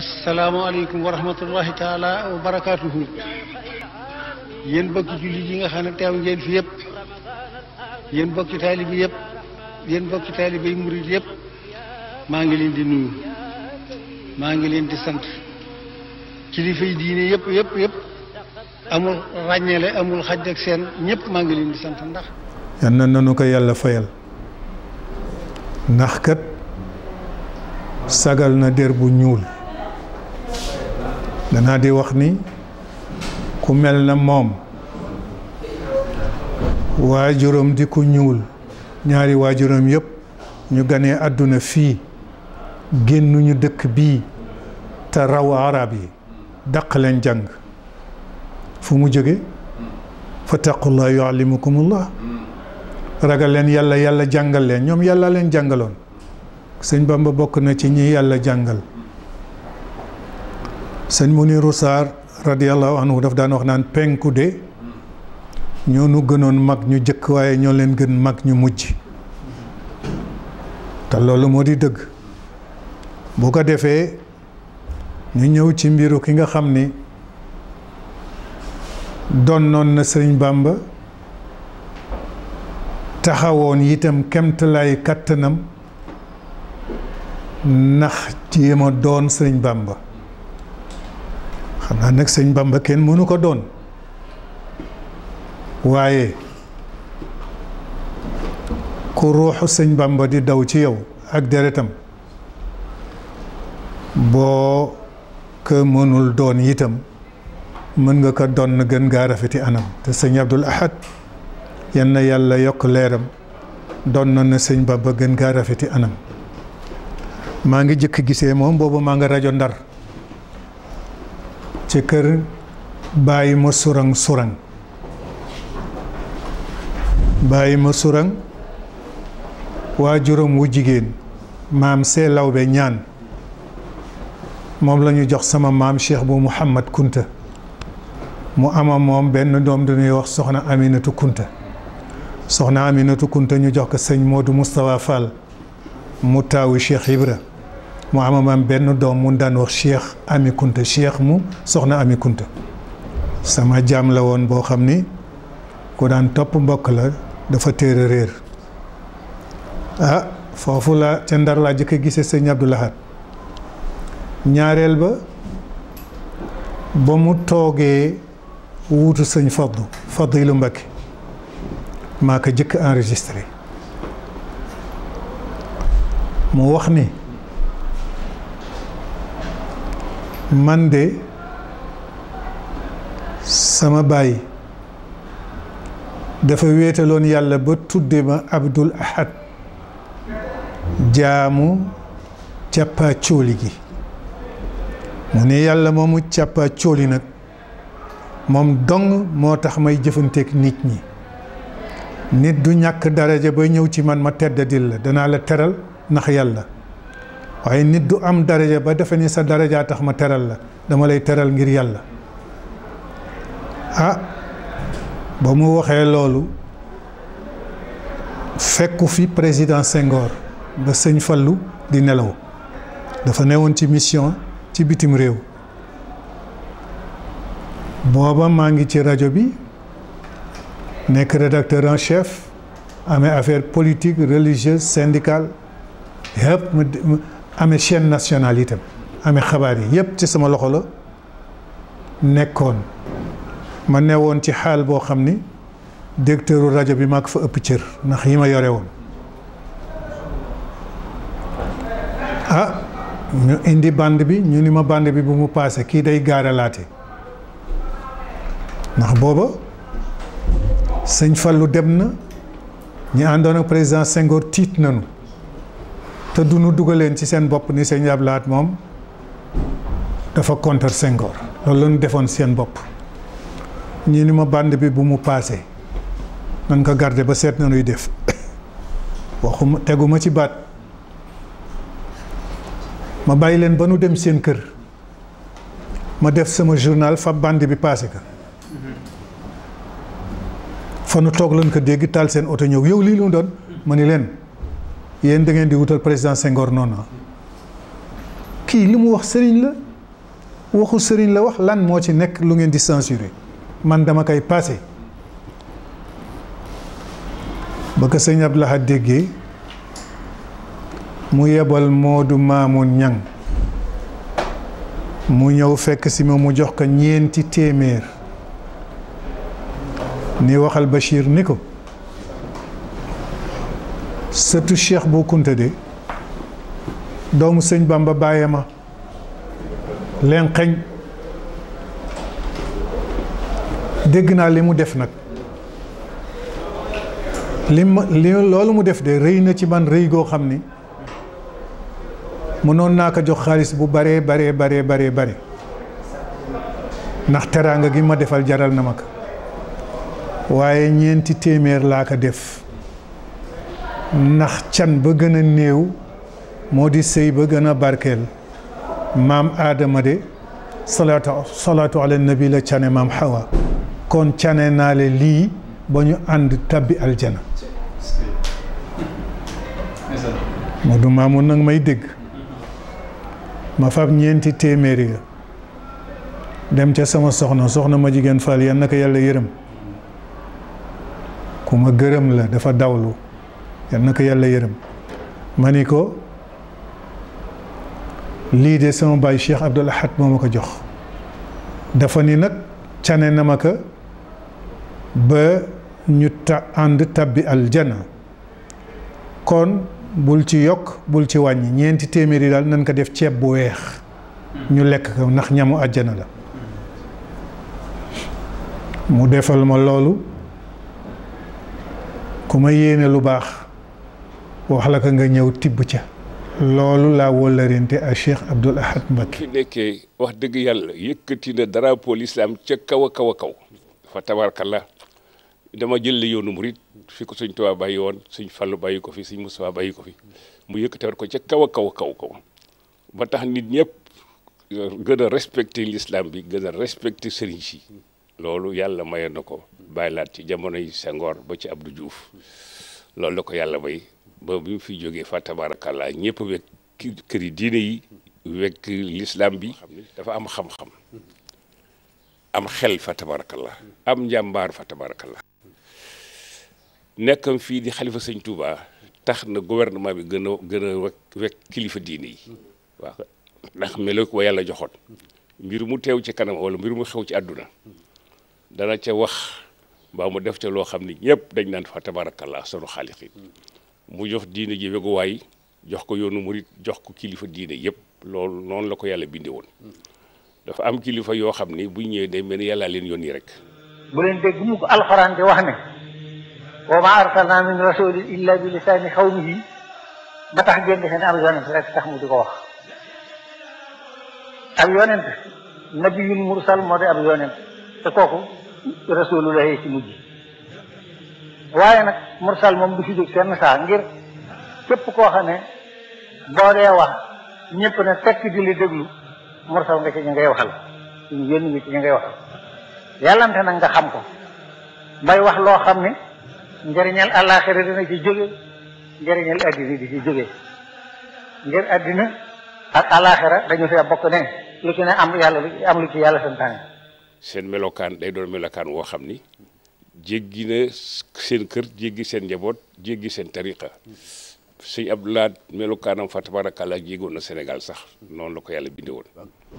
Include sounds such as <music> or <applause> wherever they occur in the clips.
asalaamaaleykum wa rahmatullahi taala wa barakaatuhu yéen bokki jullit yi nga xam ne teew ngeen fi yëpp yéen bokki taalibi yëpp yéen bokki taalibi yi yépp maa ngi leen di nuyu maa ngi leen di sant kilifa yi diine yëpp yëpp yëpp amul ràññele amul xaj ak seen ñëpp maa ngi leen di sant ndax. yal na nanu ko yàlla fayal ndax kat sagal na der bu ñuul. danaa di wax ni ku mel na moom waajuram di ku ñuul ñaari waajuram yépp ñu ganee àdduna fii génnuñu dëkk bii te raw arab yi dàq leen jàng fu mu jóge fattaqullah yuallimukumullah ragal leen yàlla yàlla jàngal leen ñoom yàlla leen jàngaloon sëñ Bamba bokk na ci ñi yàlla jàngal sëñ Mounirou Sarr radiallahu anhu daf daan wax naan penku de ñoo nu gënoon mag ñu jëkk waaye ñoo leen gën mag ñu mujj te loolu moo di dëgg bu ko defee ñu ñëw ci mbiru ki nga xam ni donnoon na sëriñ Bàmba taxawoon itam kemtalaay kàttanam ndax jéem a doon sëriñ Bàmba xam naa nag sëñ Bamba kenn mënu ko doon waaye ku ruuxu sëñ Bamba di daw ci yow ak deretam boo ko mënul doon itam mën nga ko donn gën gaa rafeti anam te sëñ Abdul Ahad yenn yàlla yokk leeram doon na sëñ Bamba gën gaa rafeti anam maa ngi jëkk gisee moom boobu maa nga rajo Ndar ci kër bàyyi ma surang surang bàyyi ma surang waajuram wu jigéen maam see lawbe ñaan moom la ñu jox sama maam cheikh bu Mouhamad Kunta mu ama moom benn doom dañuy wax soxna Aminatu Kunta soxna Aminatu Kunta ñu jox ko sëñ Modou Moustapha Fall mu taawu cheikh Ibra mu amamam benn doom mun daan wax Cheikh Ami Kunta Cheikh mu soxna Ami Kunta sama jaam la woon boo xam ni ku daan topp mbokk la dafa téere réer ah foofu la ca ndar laa jëkk gise sëñ Abdou Lahad ñaareel ba ba mu toogee wuutu sëñ Fadlu Fadilu Mbakke maa ko jëkk enregistré mu wax ni man de sama baay dafa wéetaloon yàlla ba tudde ma Abdul Ahad jaamu càppaa cóoli gi mu ne yàlla moomu càppaa cóoli nag moom dong moo tax may jëfanteek nit ñi nit du ñàkk daraja ba ñëw ci man ma tedd la danaa la teral ndax yàlla waaye nit du am daraja ba defe ni sa darajaa tax ma teral la dama lay teral ngir yàlla ah ba mu waxee loolu fekku fi président Senghor ba sëñ Fallu di nelaw dafa newoon ci mission ci bitim réew booba maa ngi ci rajo bi nekk rédacteur en chef amee affaire politique religieuse syndicale yëpp amee chaîne nationale itam amee xabaar yi yëpp ci sama loxo la nekkoon ma ne woon ci xaal boo xam ni directeuru rajo bi maa ko fa ëpp cër ndax yi ma yore woon ah ñu indi bànd bi ñu ni ma bande bi bu mu paase kii day gaaralaate ndax booba sëñ Fallou dem na ñu àndoon ak président Senghor tiit nañu te du nu leen ci seen bopp ni sëñ Abdou Lahad moom dafa contre Senghor loolu la defoon seen bopp ñii ni ma bànd bi bu mu paase nan ko garde ba seet na nuy def <coughs> waxuma teguma ci baat ma bàyyi leen ba nu dem seen kër ma def sama journal fa bande bi paase ka fa nu toog lan ko dégg taal seen oto ñëw yow lii lu doon ma ni leen yéen da ngeen di wutal président Senghor noonu ah. kii li mu wax sëriñ la waxu sëriñ la wax lan moo ci nekk lu ngeen di censurer man dama koy passé ba ko sëñ Abdou Lahad déggee mu yebal Modou Mamoun Ñang mu ñëw fekk si ma mu jox ko ñeenti téeméer ni waxal Bachir ni ko sëtu Cheikh Bou Kounta de doomu sëñ Bamba bàyyee ma leen dégg naa li mu def nag li ma loolu mu def de rëy na ci man rëy goo xam ni mënoon naa ko jox xaalis bu baree baree baree baree bare ndax teraanga gi ma defal jaral na ma ko waaye ñeenti téeméer laa ko def ndax can ba gën a néew moo di sëy ba gën a barkeel maam aadama de salaatu salaatu ala nabi la cane maam xawa kon cane naa le lii ba ñu ànd tabbi aljana moo du maamu nag may dégg ma fab ñeenti téeméer ya dem ca sama soxna soxna ma jigéen faal yan naka yàlla yërëm ku ma gërëm la dafa dawlu yal na ko yàlla yërëm ma ni ko lii de sama baay Cheikh Abdoul Ahad moo ma ko jox dafa ni nag cane na ma ko ba ñu ta ànd tabbi aljana kon bul ci yokk bul ci wàññi ñeenti téeméeri daal nañ ko def ceeb bu weex ñu lekk ko ndax ñamu àjjana la mu defal ma loolu ku ma yéene lu baax wax la ko nga ñëw tibb ca loolu laa wóolarente ak Cheikh Abdoul Ahad Mbacké nekkee wax dëgg yàlla yëkkati na drapeau l'islam ca kaw a kaw a kaw fa tabarkalla dama jël yoonu murit fi ko sëñ Tuubaa bàyyi woon sëñ Fallu bàyyi ko fi sëñ Mustafaa bàyyi ko fi mu yëkkatiwaat ko ca kaw a kaw a kaw ba tax nit ñëpp euh, gën a respecté l'islam bi gën a respecté sëriñ si loolu yàlla maye na ko bàyyi laat ci jamonoy Senghor ba ci Abdou Diouf loolu la ko yàlla may ba bi mu fi jógee fa tabaarakàllaa ñëpp wekk këri diine yi wekk l'islam bi dafa am xam-xam am xel fa tabaarakàllaa am njàmbaar fa tabaarakàllaa nekkam fii di xalifa sëñ Touba tax na gouvernement bi gën a gën a wekk kilifa diine yi waaw ndax melo ko yàlla joxoon mbir mu teew ci kanam walla mbir mu xew ci àdduna dana ca wax mbaa mu def ca loo xam ni ñëpp dañ naan fa tabaarakàllaa sunu xaalixin mu jox diine ji weguwaay jox ko yoonu murit jox ko kilifa diine yépp loolu noonu la ko yàlla bindee woon dafa am kilifa yoo xam ni bu ñëwee day mel yàlla yàllaa leen yónni rek. bu leen dégg mu alxuraan di wax ne wa ma arsalna min rasulin illa bi lisaani xawmihi ba tax ngeen defe ne am yonent rek tax mu di ko wax ab yonent nabiyul mursal moo di ab yonent te kooku rasulullahi ci mujj waaye nag mursal moom du fi jóg seen saa ngir képp koo xam ne boo dee wax ñëpp ne tekk di li déglu mursal nga ci ñu ngay waxal suñu ngay waxal yàllante nag nga xam ko bay wax loo xam ne njëriñal àllaaxira dina ci jóge njëriñal addina di ci jóge ngir addina ak àllaaxira dañu fee bokk ne lu ci ne am yàlla am lu ci yàlla santaane seen melokaan day doon melokaan woo xam ni jéggi na seen kër jéggi seen njaboot jéggi seen tariqa sëñ Abdou Lahad melokaanam fa tabarakallah jéegoon na Sénégal sax noonu la ko yàlla bindee woon.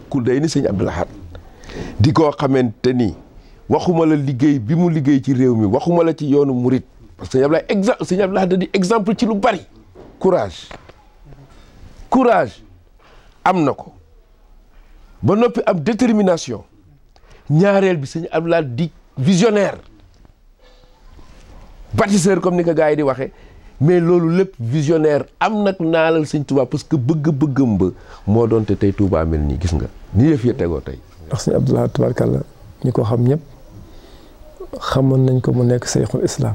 ku day ni sëñ Abdou Lahad di koo xamante ni waxuma la liggéey bi mu liggéey ci réew mi waxuma la ci yoonu murit parce que sëñ Abdou exemple sëñ Abdou exemple ci lu bari. courage courage am na ko ba noppi am détermination ñaareel bi sëñ Abdou Lahad di visionnaire. bâtisseur comme ni ko gars yi di waxee mais loolu lépp visionnaire am nag naalal sëñ Touba parce que bëgg-bëggam ba moo doon te tey Touba mel nii gis nga ni yëf ya tegoo tey. ndax sëñ Abdoulaye Tubarkalla ñu ko xam ñëpp xamoon nañ ko mu nekk seyxul islam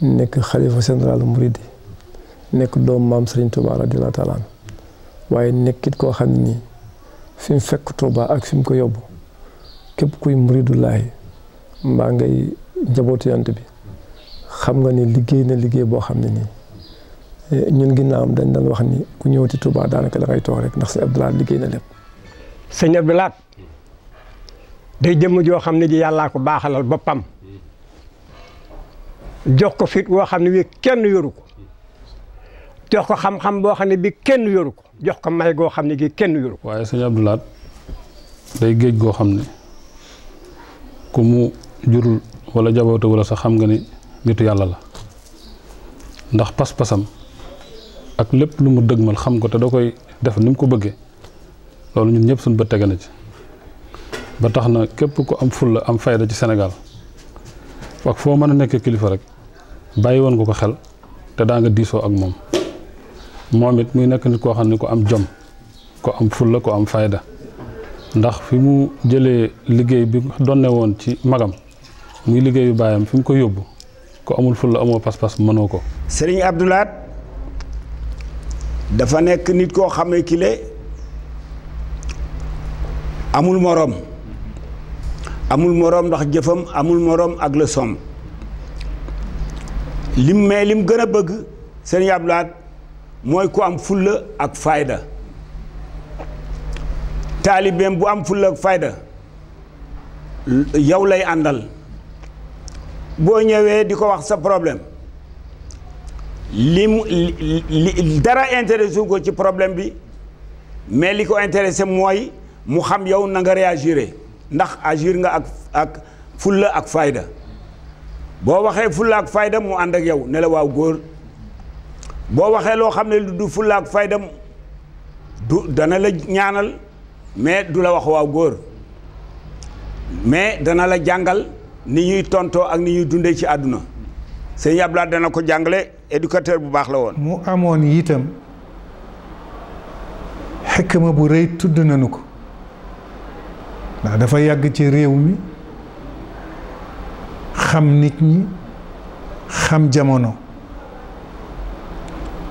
nekk xalifa général Mouride nekk doom maam Serigne Touba radiyallahu waaye nekkit koo xam ni nii fi mu fekk Touba ak fi ko yóbbu képp kuy Muridullahi mbaa ngay njabootu yant bi. xam nga ni liggéey na liggéey boo xam ne nii ñun am dañ doon wax ni ku ñëw ci Touba daanaka da ngay toog rek ndax sëñ Abdou Lahad liggéey na lépp. sëñ Abdou Lahad day jëmm joo xam ne ji yàllaa ko baaxalal boppam ko fit boo xam ne bii kenn yoru ko jox ko xam boo xam ne bii kenn yoru ko jox ko may goo xam ne gi kenn yoru ko. waaye sëñ Abdou Lahad day géej goo xam ne ku mu jurul wala jaboote wala sax xam nga ni. nitu yàlla la ndax pas-pasam ak lépp lu mu dëgmal xam ko te da koy def ni mu ko bëggee loolu ñun ñëpp suñu ba tege na ci ba tax na képp ku am fulla am fayda ci Sénégal ak foo mën a nekk kilifa rek bàyyi woon nga ko xel te daa nga diisoo ak moom moom it muy nekk nit koo xam ne ko am jom ko am fulla ko am fayda ndax fi mu jëlee liggéey bi donne woon ci magam muy liggéeyu baayam fi mu ko yóbbu ku amul fulla amoo pas-pas mënoo ko sëriñ Abdoulaat dafa nekk nit koo xam ne kile amul moroom amul moroom ndax jëfam amul moroom ak la som lim mais lim gën a bëgg sëriñ Abdoulaat mooy ku am fulla ak fayda taalibeem bu am fulla ak fayda yow lay àndal boo ñëwee di ko wax sa problème li mu li dara intéressé ko ci problème bi mais li ko intéressé mooy mu xam yow na nga ndax agir nga ak ak fulla ak fayda boo waxee fulla ak fayda mu ànd ak yow ne la waaw góor boo waxee loo xam ne lu du fulla ak fayda du dana la ñaanal mais du la wax waaw góor mais dana la jàngal ni ñuy tontoo ak ni ñuy dundee ci àdduna sëñ Abdoulaye dana ko jàngale éducateur bu baax la woon mu amoon itam xikma bu rëy tudd nañu ko ndax dafa yàgg ci réew mi xam nit ñi xam jamono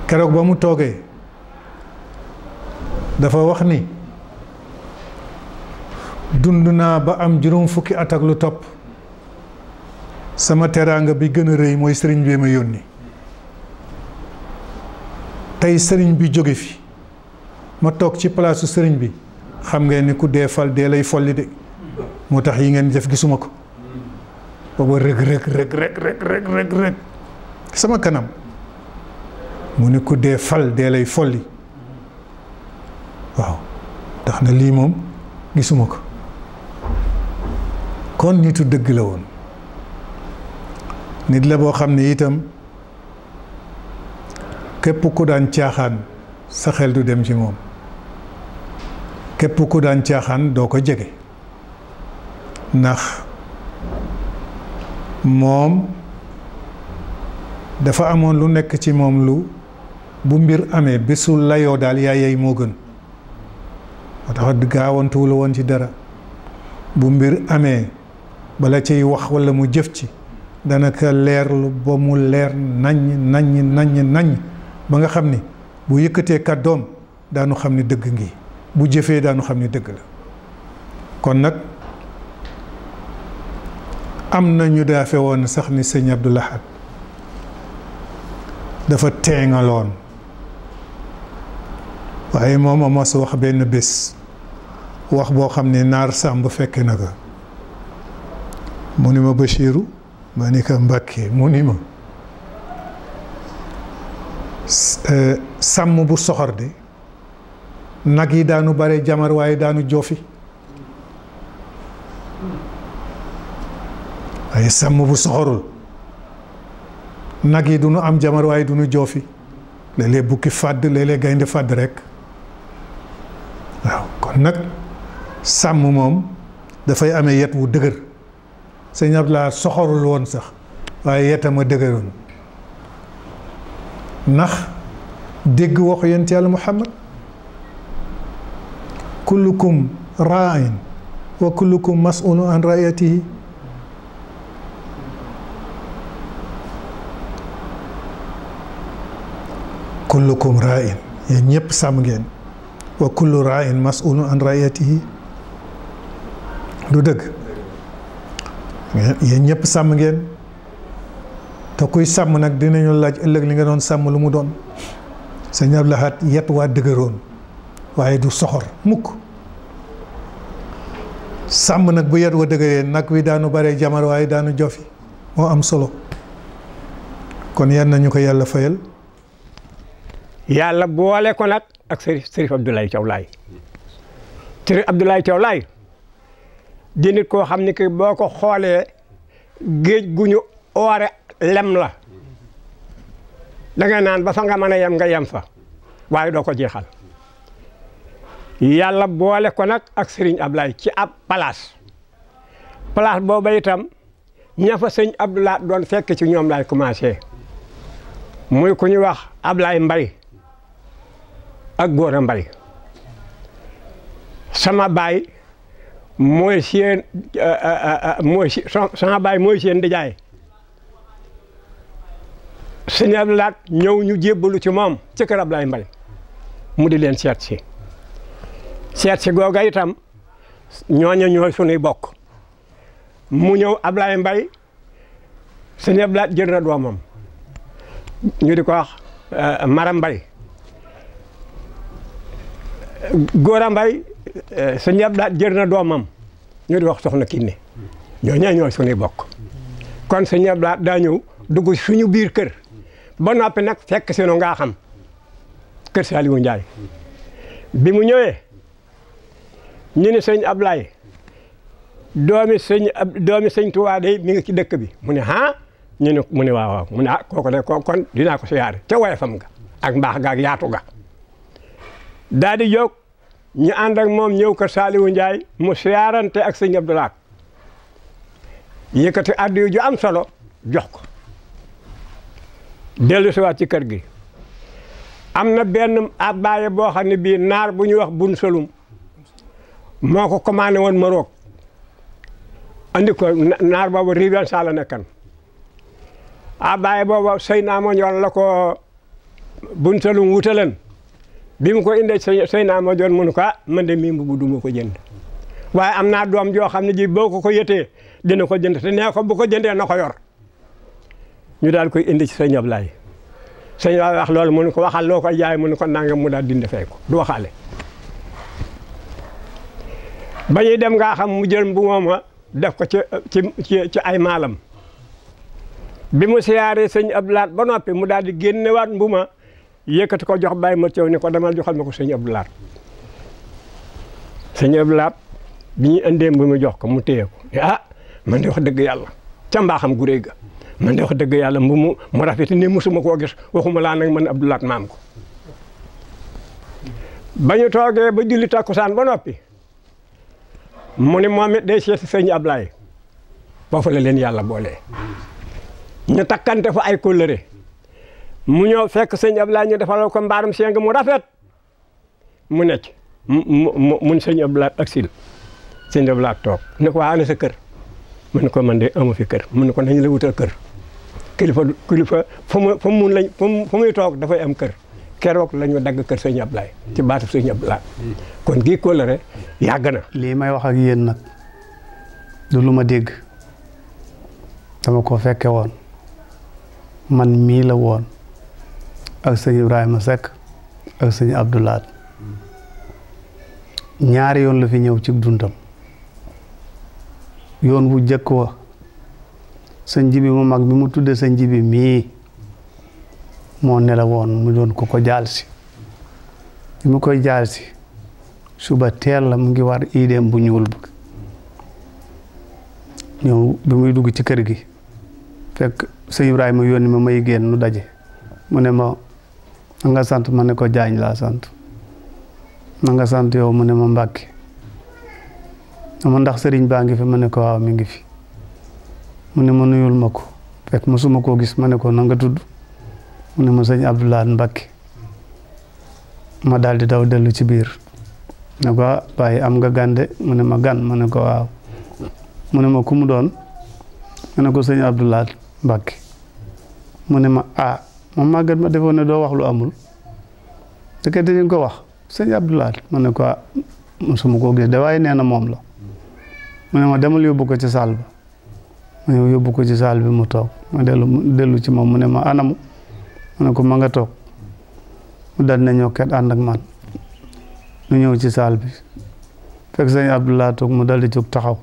keroog ba mu toogee dafa wax ni dund naa ba am juróom fukki at lu topp sama teraanga bi gën a rëy mooy sëriñ bi ma yónni tey sëriñ bi jóge fi ma toog ci palaasu sëriñ bi xam ngeen ni ku dee fal dee lay folli de moo tax yi ngeen def gisuma ko booba rëg sama kanam mu ni ku dee fal lay folli waaw tax na lii moom gisuma ko kon nitu dëgg la woon nit la boo xam ne itam képp ku daan caaxaan sa xel du dem ci moom képp ku daan caaxaan doo ko jege ndax moom dafa amoon lu nekk ci moom lu bu mbir amee bésu layoo daal yaa yey moo gën moo tax gaawantuwul woon ci dara bu mbir amee bala ciy wax walla mu jëf ci dana ko ba mu leer naññ naññ naññ naññ ba nga xam ni bu yëkkatee kàddoom daanu xam ni dëgg ngi bu jëfee daanu xam ni dëgg la kon nag am na ñu daafe woon sax ni sëñ Abdou Lahad dafa teeŋaloon waaye moom a mos wax benn bés wax boo xam ne naar sàmb fekke na ko mu ni ma Bachiru ma ni ko Mbàkke mu ni ma eh, sàmm bu soxor de nag yi daanu bare jamar waaye daanu joofi waaye sàmm bu soxorul nag yi du nu am jamar waaye du nu joofi léeg-léeg bukki fàdd léeg gaynde fàdd rek waaw kon nag sàmm moom dafay ame yet wu dëgër sëñ Abdoulaye soxorul woon sax waaye yetam a dëgëroon ndax dégg waxu yonent yàlla Muhammad kullukum raain wa kullukum mas'ulun an raayatihi kullukum raain yéen ñëpp sàmm ngeen wa kullu raain mas'ulun an raayatihi du dëgg yéen ñëpp sàmm ngeen te kuy sàmm nag dinañu laaj ëllëg li nga doon sàmm lu mu doon sëñ Abdou Lahad yet waa dëgëroon waaye du soxor mukk sàmm nag bu yet wa dëgëree nag wi daanu bare jamar waaye daanu jofi moo am solo kon yan nañu ko yàlla fayal yàlla boole ko ak Serif Abdoulaye Thiaw Laye Serif di nit koo xam ni que boo ko xoolee géej gu ñu oore lem la da nga naan ba fa nga mën a yem nga yem fa waaye doo ko jeexal yàlla boole ko nag ak Serigne Ablaye ci ab palaas place booba itam ña fa sëñ Abdoulaye doon fekk ci ñoom laay commencé muy ku ñu wax Ablaye Mbaye ak Gora Mbaye sama baay mooy seen euh, euh, euh, mooy sama baay mooy seen ndijaay sëñ Abdou Lahat ñëw ñu jébbalu ci moom ci kër Ablaye Mbale mu di leen seet si seet si googa itam ñooñu ñooy sunuy bokk mu ñëw Ablaye Mbay sëñ Abdou Lahat jël na doomam ñu di ko wax Mara Mbay Góora sëñ Abdou jër na doomam ñu di wax soxna Kiné ñoo ñaa ñooy suñuy bokk kon sëñ Abdou daa ñëw dugg suñu biir kër ba noppi nag fekk sino ngaa xam kër Saliou Ndiaye bi mu ñëwee ñu ne sëñ Ablaye doomi sëñ doomi sëñ Tuubaa day mi ngi ci dëkk bi mu ne ah ñu ne mu ne waaw waaw mu ne ah kooku de ko kon dinaa ko siyaare ca woyefam nga ak mbaax ga ak yaatu ga daal di jóg ñu ànd ak moom ñëw ko Saliou Ndiaye mu siyaarante ak sëñ Abdou Lahad yëkkati addiya ju am solo jox ko dellu siwaat ci kër gi am na benn abbaye boo xam ne bii naar bu ñuy wax bun solum moo ko commandé woon Maroc andi ko naar boobu riven sala nekkan abbaye boobu sëy naa mooñ ñoon la ko bun solum wutaleen bi mu ko indee sëñ sëñ naa ma joon mu ne ko ah, man mii mbubu du ma ko jënd waaye am naa doom joo xam ne ji boo ko ko yëtee dina ko jënd te nee ko bu ko jëndee na ko yor ñu daal koy indi ci sëñ Ablaye sëñ Ablaye wax lool mu ne ko waxal loo koy jaay mu ne ko nangam mu daal dindi fay ko du waxaale ba ñuy dem ngaa xam mu jël bu mooma def ko ci ci ci ay maalam bi mu siyaaree sëñ Ablaye ba noppi mu daal di génnewaat mbuma yëkkati ko jox bàyyi ma teew ni ko demal joxal ma ko sëñ Abdou Lahat sëñ Abdou Lahat bi ñu indee bi jox ko mu téye ko ah man dëgg yàlla ca gu rëy ga man dëgg yàlla mu mu mu rafet ni mosuma koo gis waxuma laa nag man Abdou Lahat ko ba ñu toogee ba julli takkusaan ba noppi mu ne moom it la leen yàlla boole ñu takkante fa ay kóllëre mu ñëw fekk sëñ Ablaye ñu defaloo ko mbaarum seng mu rafet mu nekk mu mu mun sëñ Ablaye ak sil sëñ toog ne ko waa ana sa kër mu ne ko man de amu fi kër mu ne ko nañ la wutal kër kilifa kilifa fa mu fa mu muy toog dafa am kër keroog la ñu dagg kër sëñ Ablaye ci baatu sëñ Ablaye kon gii kóllëre yàgg na. lii may wax ak yéen nag du lu ma dégg dama ko fekke woon man mii la woon. ak sëñ Ibrahima Seck ak sëñ Abdoulaat ñaari yoon la fi ñëw ci dundam yoon wu jëkk wa sëñ jibi mu mag mi mu tudde sëñ jibi mii moo ne la woon mu doon ko ko jaal si bi mu koy jaal si suba teel la mu ngi war idéem bu ñuul bi ñëw bi dugg ci kër gi fekk sëñ Ibrahima yónni ma may génn nu daje mu ne ma na nga sant ma ne ko jaañ laa sant na nga sant yow mu ne ma mbàkke ma ndax sëriñ baa ngi fi ma ne ko waaw mi ngi fi mu ne ma nuyul ma ko fekk mosuma koo gis ma ne ko na tudd mu ne ma sëñ Abdoulaye Mbacke ma daal di dellu ci biir ne ko ah, am nga gande mu ne ma gan ma ne ko waaw ne ma ku mu doon ma ne ko sëñ Abdoulaye Mbacke moom màggat ma defoon ne doo wax lu amul dëkk di nga ko wax sëñ Abdoulaye ma ne ko ah, mosuma koo gis de waaye nee na moom la mu ne ma demal yóbbu ko ci saal ma ñëw yóbbu ko ci saal bi mu toog ma dellu dellu ci moom mu ne ma anamu ma ne ko ma nga toog mu dal na ñokket ànd man ñu ñëw ci saal bi fekk sëñ Abdoulaye toog mu dal di jóg taxaw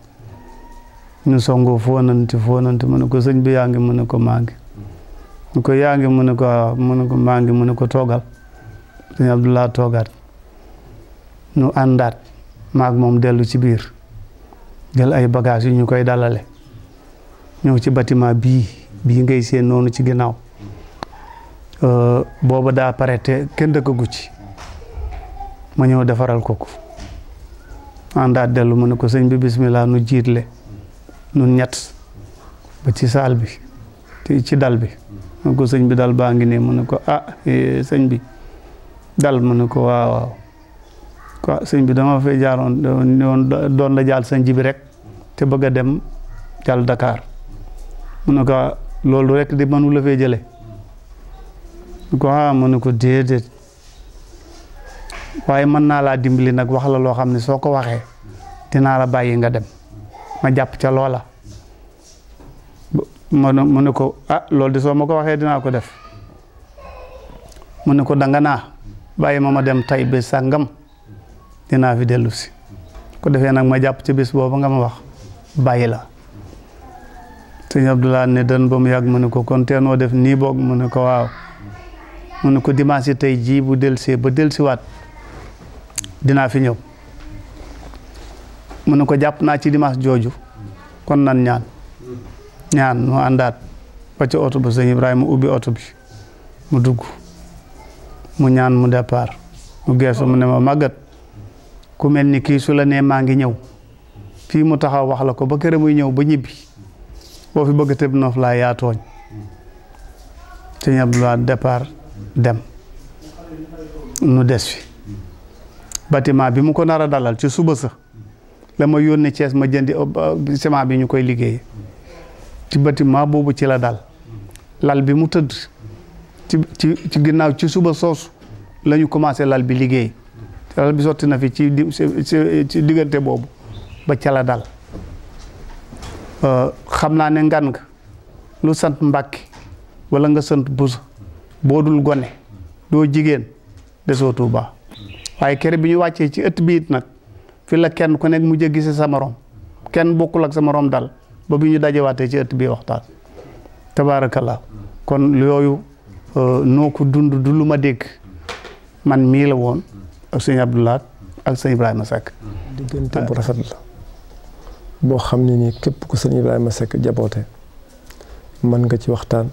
ñu songoo fóonante fóonante mu ne ko sëñ bi yaa ngi mu ne ko maa ngi mu ko yaa ngi mu ne ko mu maa ngi mu ne ko toogal sëñ Abdullah toogaat ñu àndaat maag moom dellu ci biir jël ay bagages yu ñu koy dalale ñëw ci bâtiment bii bii ngay seen noonu ci ginnaaw euh, booba daa pare kenn dëkkagu ci ma ñëw defaral ko ko àndaat dellu mu ne ko sëñ bi bismillah nu jiitle nun ñett ba ci saal bi ci dal bi mu ko sëñ bi dal baa ngi ne mu ne ko ah eh, sëñ bi dal mu ne ko waaw ah, bi dama fay jaaroon doon la jaal sëñ ji bi rek te bëgg a dem jàll dakaar mu ne ko ah, loolu rek di mënu la fee jële mu ko ah mu ne ko déedéet waaye mën naa laa dimbali nag wax la loo xam ne soo ko waxee dinaa la bàyyi nga dem ma jàpp ca loola mu ne mu ne ko ah loolu di soo ma ko waxee dinaa ko def mu ne ko danga naa bàyyi ma ma dem tay bés sàngam dinaa fi dellusi si ko defee nag ma jàpp ci bis boobu nga ma wax bàyyi la sëñ Abdoulaye ne dan ba mu yàgg mu ne ko kon teenoo def nii boog mu ne ko waaw mu ne ko dimanche tey jii bu delsee ba delsiwaat dinaa fi ñëw mu ne ko jàpp naa ci dimanche jooju kon nan ñaan ñaan mu àndaat ba ci oto ba sëñ Ibrahima ubbi oto bi mu dugg mu ñaan mu départ mu geesu mu ne ma màggat ku mel ni kii su la nee maa ngi ñëw fii mu taxaw wax la ko ba kër muy ñëw ba ñibbi boo fi bëgg tëb noof laa yaa tooñ sëñ Abdoulaye départ dem nu des fi bâtiment bi mu ko nar a dalal ci suba sa la ma yónnee Cees ma jëndi uh, uh, ciment bi ñu koy liggéey ci bâtiment boobu ci la daal lal bi mu tëdd ci ci ci ginnaaw ci suba soosu lañu ñu commencé lal bi liggéey lal bi sotti na fi ci diggante boobu ba ca la daal euh, xam naa ne ngan nga lu sant mbàkki wala nga sant busa boo dul gone doo jigéen de desoo Tuuba waaye kere bi ñu wàccee ci ëtt bi it nag fi la kenn ku nekk mu jéggi si sa morom kenn bokkul ak sa morom dal ba bi ñu dajewaatee ci ëtt bi waxtaan tabaarakallah kon yooyu euh, noo ko dund du lu ma dégg man mii la woon ak sëñ Abdoulaat ak sëñ Ibrahima Seck. diggante ah. bu rafet la boo xam ne nii képp ko sëñ Ibrahima Seck jaboote mën nga ci waxtaan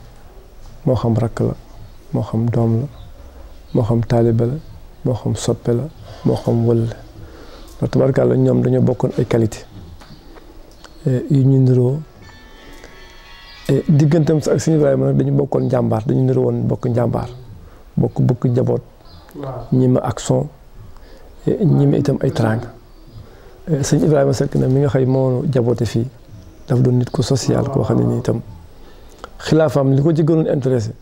moo xam rakk la moo xam doom la moo xam taalibe la moo xam soppe la moo xam wël la tabaarakallah ñoom dañoo bokkoon ay qualité Eh, yu ñu niroo eh, digganteem ak sëñ Ibrahima nag dañu bokkoon njàmbaar dañu niroo woon bokk njàmbaar bokk bëgg njaboot. ñi ma action eh, ñi itam ay trang sëñ Ibrahima Seck na mi nga xëy moo jaboote fii dafa doon nit ko social koo xam ne nii itam xilaafaam li ko ci gënoon intéressé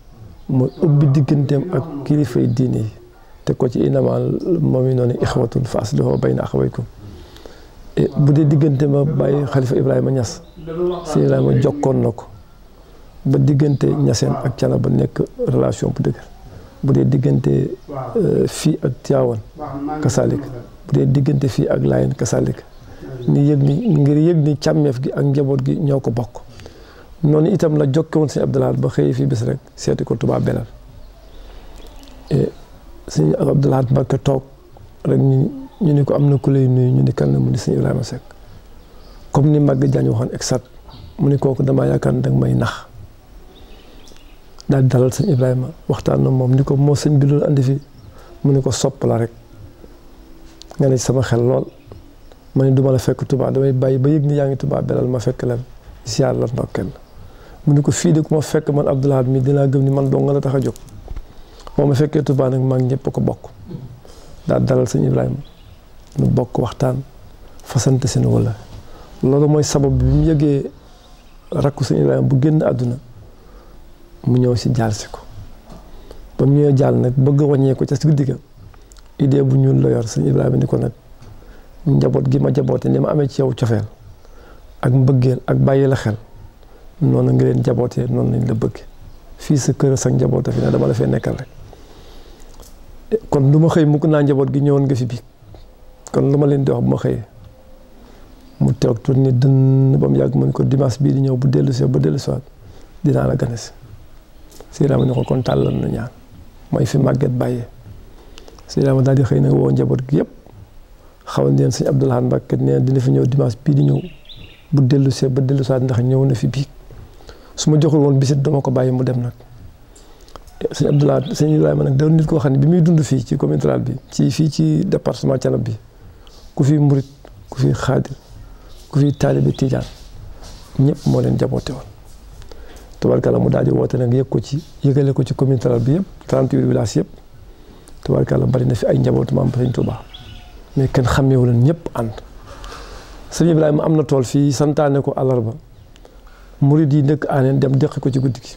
mooy ubbi digganteem ak kilifay diine yi te ko ci inamal moom i noonu ixwatun faas dafa bay na ko bu dee diggante ma bàyyi xalifa Ibrahima Niass si Ibrahima jokkoon na ko ba diggante Niassène ak Thiénaba nekk relation bu dëgër bu diggante euh, fii ak Tivaouane kasalik bu dee diggante fii ak Layène kasalik ni yëg ni ngir yëg ni càmmeef gi ak njaboot gi ñoo ko bokk noonu itam la jokke woon sëñ Abdoulaye ba xëy fii bis rek seeti ko Touba Belel sëñ Abdoulaye Mbacké toog ñu ne ko am na ku lay nuyu ñu ne kan la mu ne sëñ Ibrahima Seck comme ni Maguette Diagne waxoon exact mu ne kooku damaa yaakaar ne danga may nax daal di dalal sëñ Ibrahima waxtaan na moom ni ko moo sëñ bi loolu andi mu ne ko sopp rek nga ne sama xel lool ma ne duma la fekk Tuubaa damay bàyyi ba yëg ngi Tuubaa belal ma fekk la ziar la ndokkeel mu ne ko fii de ku fekk man Abdou Lahad mi dinaa gëm ni man dong nga la tax a jóg boo ma fekkee nag maa ngi ñëpp ko bokk daal dalal sëñ Ibrahima ñu bokk waxtaan fasante seen wala loolu mooy sabab bi mu yëgee rakku sëñ Ibrahima bu génn àdduna mu ñëw si jaal si ko ba mu ñëwee jaal nag bëgg a ko ca si guddi ga idée bu ñuul la yor sëñ Ibrahima ni ko nag njaboot gi ma jaboote li ma amee ci yow cofeel ak mbëggeel ak bàyyi la xel noonu nga leen jabootee noonu lañ la bëgg fii sa kër sa njaboot fi ne dama la fee nekkal rek kon du ma xëy mukk naa njaboot gi ñëwoon nga fi bi kon lu ma leen di wax bu ma xëyee mu toog tuuti ni dënn ba mu yàgg mu ne ko dimanche bii di ñëw bu dellu si ba dellu si dinaa la gane si ma ne ko kon tàllal na ñaan mooy fi màgget bàyyee Seydou daal di xëy na woo njaboot gi yëpp xamal leen sëñ Abdou Lahad Mbacké nee dina fi ñëw dimanche bii di ñëw bu dellu see ba dellu saat ndax ñëw na fi biig su ma joxul woon bisit dama ko bàyyi mu dem nag sëñ Abdou Lahad sëñ Ibrahima nag da nit koo xam ne bi muy dund fii ci commune rurale bi ci fii ci département Thiénaba bi ku fi murit ku fi xaadir ku fi taalibe tijaan ñëpp moo leen jaboote woon tubaarkàlla mu daal di woote nag yëg ko ci yëgale ko ci commune Tallal bi yëpp 38 villages bari na fi ay njabootu maam mais kenn xàmmeewu leen ñëpp ànd am na tool fii santaane ko àllarba murid yi dëkk aaneen dem deqi ko ci guddi gi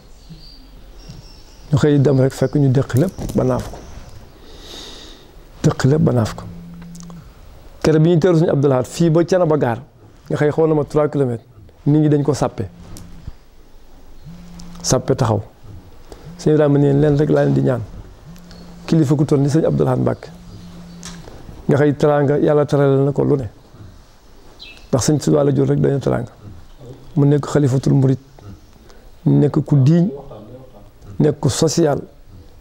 ñu xëy dem rek fekk ñu deqi lépp ba naaf ko deqi lépp ba naaf ko kere bi ñu teeru suñu Abdou Lahad fii ba Thiénaba gaar nga xëy xaw na ma 3 kilomètres nit ñi dañ ko sàppe sàppe taxaw sëñ Ibrahima ne leen rek laa leen di ñaan kilifa ku toll ni sëñ Abdou Lahad Mbacke nga xëy teraanga yàlla teralal na ko lu ne ndax sëñ Tuubaa wàll jur rek dañu teraanga mu nekk xalifatul murit nekk ku diiñ nekk ku social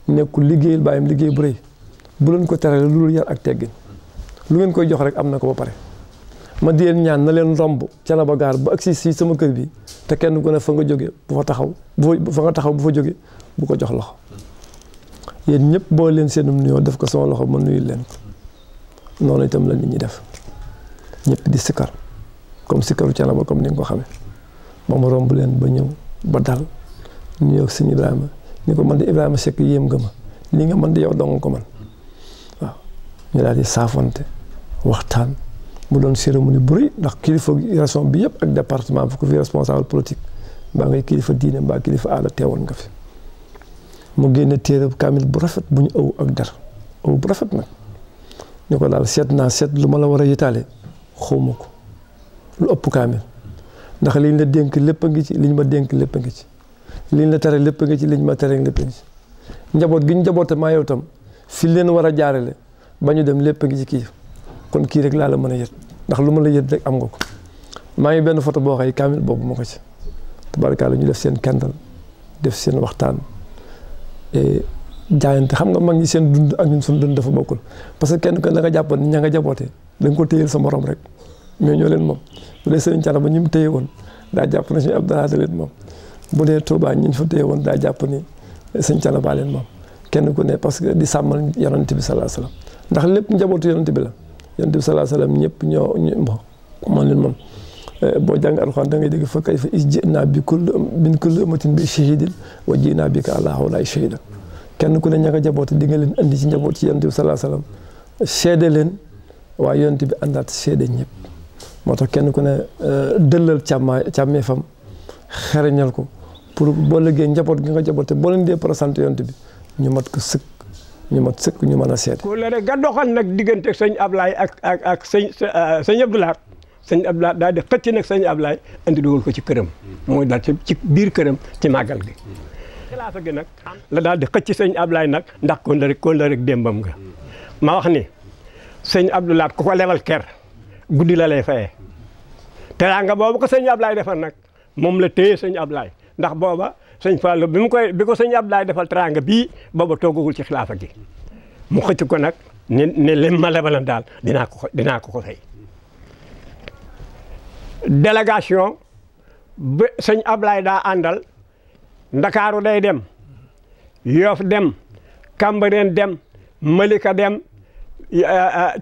nekk ku liggéeyal bàyyam liggéey bu bu leen ko terale lu dul yar ak teggin lu ngeen koy jox rek am na ko ba pare ma di ñaan na leen romb ca la ba gaar ba agsi si sama kër bi te kenn ku ne fa nga jóge bu fa taxaw bu fa nga taxaw bu fa jóge bu ko jox loxo yéen ñëpp boo leen seenum nuyoo def ko sama loxo ma nuyu leen ko noonu itam la nit ñi def ñëpp di sikkar comme sikkaru ca la comme ni nga ko xamee ba mu romb leen ba ñëw ba dal nuyoo ak sëñ Ibrahima ni ko man di Ibrahima Seck yéem nga ma li nga man di yow dong ko man ñu daal di saafonte waxtaan mu doon cérémonie bu rëy ndax kilifa région bi yëpp ak département bi ku fi responsable politique mbaa ngay kilifa diine mbaa kilifa aada teewoon nga fi mu génne téere kaamil bu rafet bu ñu ëw ak dar ëw bu rafet nag ñu ko daal seet naa seet lu ma la war a yitaale xawma ko lu ëpp kaamil ndax liñ la dénk lépp a ngi ci liñ ma dénk lépp a ngi ci liñ la tare lépp ngi ci liñ ma tere lépp a ngi ci njaboot gi ñu njaboote maa yow tam fi leen war a jaarale ba ñu dem lépp a ngi ci kii kon kii rek laa la mën a yët ndax lu ma la yët rek am nga ko maa ngi benn photo boo xëy kaamil boobu ma ko ci tabarkaale ñu def seen kàndal def seen waxtaan eh, jaayante xam nga mag ñi seen dund ak ñun suñu dund dafa bokkul parce que kenn ku ne la nga ña nga jabootee da nga ko téyel morom rek mais ñoo leen moom bu dee Serigne ba ñu mu téye woon daa jàpp ne suñu Abdallah da moom bu dee Touba ñu fa téye woon daa jàpp ni Serigne baa leen moom kenn ku ne parce que di sàmmal yonante bi sallallahu ndax lépp njaboot yonent bi la yonent bi salaa salaam ñëpp ñoo man leen moom eh, boo jàng alxuraan da dégg fa kayfa is ji naa bi kull bin um, kull ummatin bi shahidin wa ji naa bi ka àllaa hawlaay shahida kenn ku ne ña ko jabooti di leen indi ci njaboot ci yonent bi salaa salaam seede leen bi àndaat seede moo tax kenn ku ne eh, dëllal càmmaa càmmee fam xereñal ko pour boo liggéey njaboot gi nga jaboot te boo leen dee présenté yonent bi ñu mat ko sëkk ñu mat sëkk ñu mën a seet. kóllëre ga doxal nag diggante sëñ Ablaye ak ak ak sëñ ah, sëñ Abdoulaye sëñ Abdoulaye daal di xëcc nag sëñ Ablaye andi dugal ko ci këram. mooy daal ci biir këram ci màggal gi. classe gi la daal di xëcc sëñ Ablaye nag ndax kóllëre kóllëre démbam nga ma wax ni sëñ ko lebal ker guddi la lay fayee. teraanga boobu ko sëñ Ablaye defar nag moom la téye sëñ Ablaye ndax booba. sëñ Fallou bi mu koy bi ko sëñ Abdoulaye defal teraanga bii booba toogagul ci xilaafa gi mu xëcc ko nag ne ne lim ma lebalan daal dina ko dinaa ko ko fay délégation ba sëñ daa àndal ndakaaru day dem Yoff dem Cambérène dem Malika dem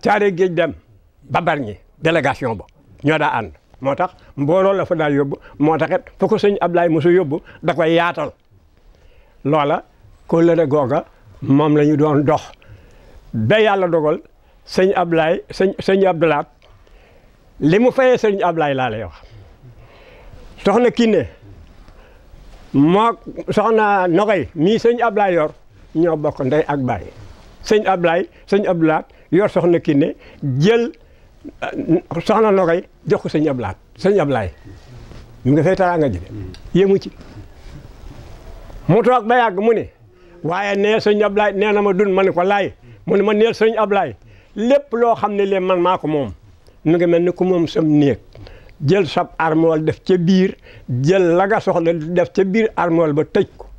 Thiaré Géej dem ba Bargny délégation ba ñoo daa moo tax mbooloo la fa daal yóbbu moo tax it fu ko sëñ Ablaye mosu yóbbu da koy yaatal loola kóllëre googa moom la ñu doon dox ba yàlla dogal sëñ Ablaye sëñ sëñ Abdulaat li mu fayee sëñ Ablaye laa lay wax soxna Kiné moo soxna Nogoy mii sëñ Ablaye yor ñoo bokk ndey ak baay sëñ Ablaye sëñ Abdulaat yor soxna Kiné jël soxna Nogay jox ko sëñ Ablaat sëñ Ablaay ñu nga fay taraanga ji de yéemu ci mu toog ba yàgg mu ne waaye nee sëñ Ablaay nee na ma dun ma ne ko laay mu ne ma neel sëñ Ablaay lépp loo xam ne lee man maa ko moom mu ngi mel ni ku moom sam néeg jël sab armool def ca biir jël la nga soxla def ca biir armool ba tëj ko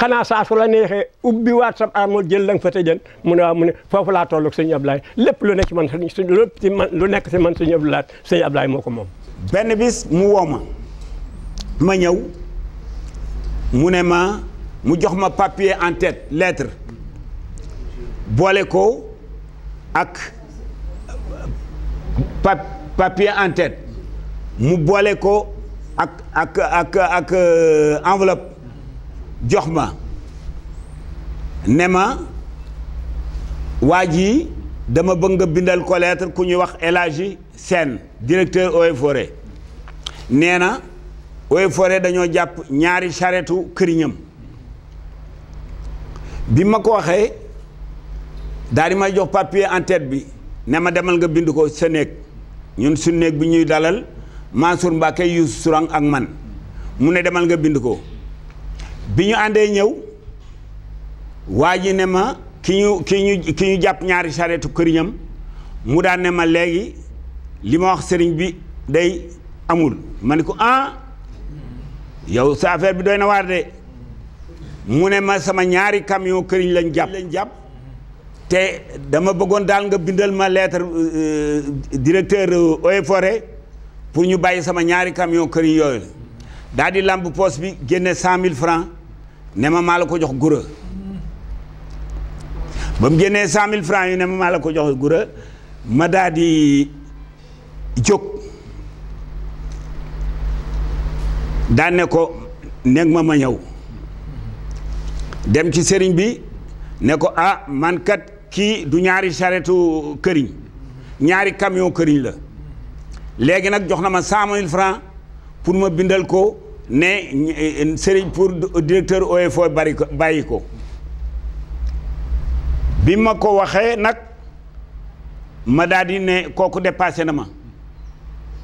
xanaa saa su la neexee ubbi waat sa armoire ah, jël la nga fa tëjën mu ne waaw mu ne foofu laa toll ak sëñ Ablaye lépp lu nekk ci man lépp ci man lu nekk ci man sëñ Ablaye sëñ Ablaye moo ko moom. benn bis mu woo ma ma ñëw mu ne ma mu jox ma papier en tête lettre boole ko ak pa papier en tête mu boole ko ak ak ak ak euh, enveloppe. jox ma ne ma waa ji dama bëgg nga bindal ko ku ñuy wax El Hadji Sène directeur Eaux et Forêts nee na Eaux et Forêts dañoo jàpp ñaari charrettu këriñam bi ma ko waxee daal di may jox papier en bi ne ma demal nga bind ko sa néeg ñun su néeg bi ñuy dalal Mansour Mbacké Youssou suran ak man mu ne demal nga bind ko bi ñu àndee ñëw waa ji ne ma ki ñu ki ñu ki ñu jàpp ñaari sareetu këriñam mu daan ne ma léegi li ma wax sëriñ bi day amul ma ne ko ah yow sa affaire bi doy na waar de mu ne ma sama ñaari camion këriñ lañ jàpp jàpp te dama bëggoon daal nga bindal ma lettre euh, euh, directeur euh, eaux et pour ñu bàyyi sama ñaari camion këriñ yooyu daal di lamb poste bi génne cent mille francs ne ma maa la ko jox gura ba mu génnee cent mille francs yu ne ma maa la ko jox gura ma daa di jóg daan ko nekk ma ma ñëw dem ci sëriñ bi ne ko ah man kat kii du ñaari saretu këriñ ñaari camion këriñ la léegi nag jox na ma cent mille pour ma bindal ko ne eh, eh, Serigne pour directeur OFO bari ko bàyyi ko bi ma ko waxee nag ma daal ne kooku dépassé na ma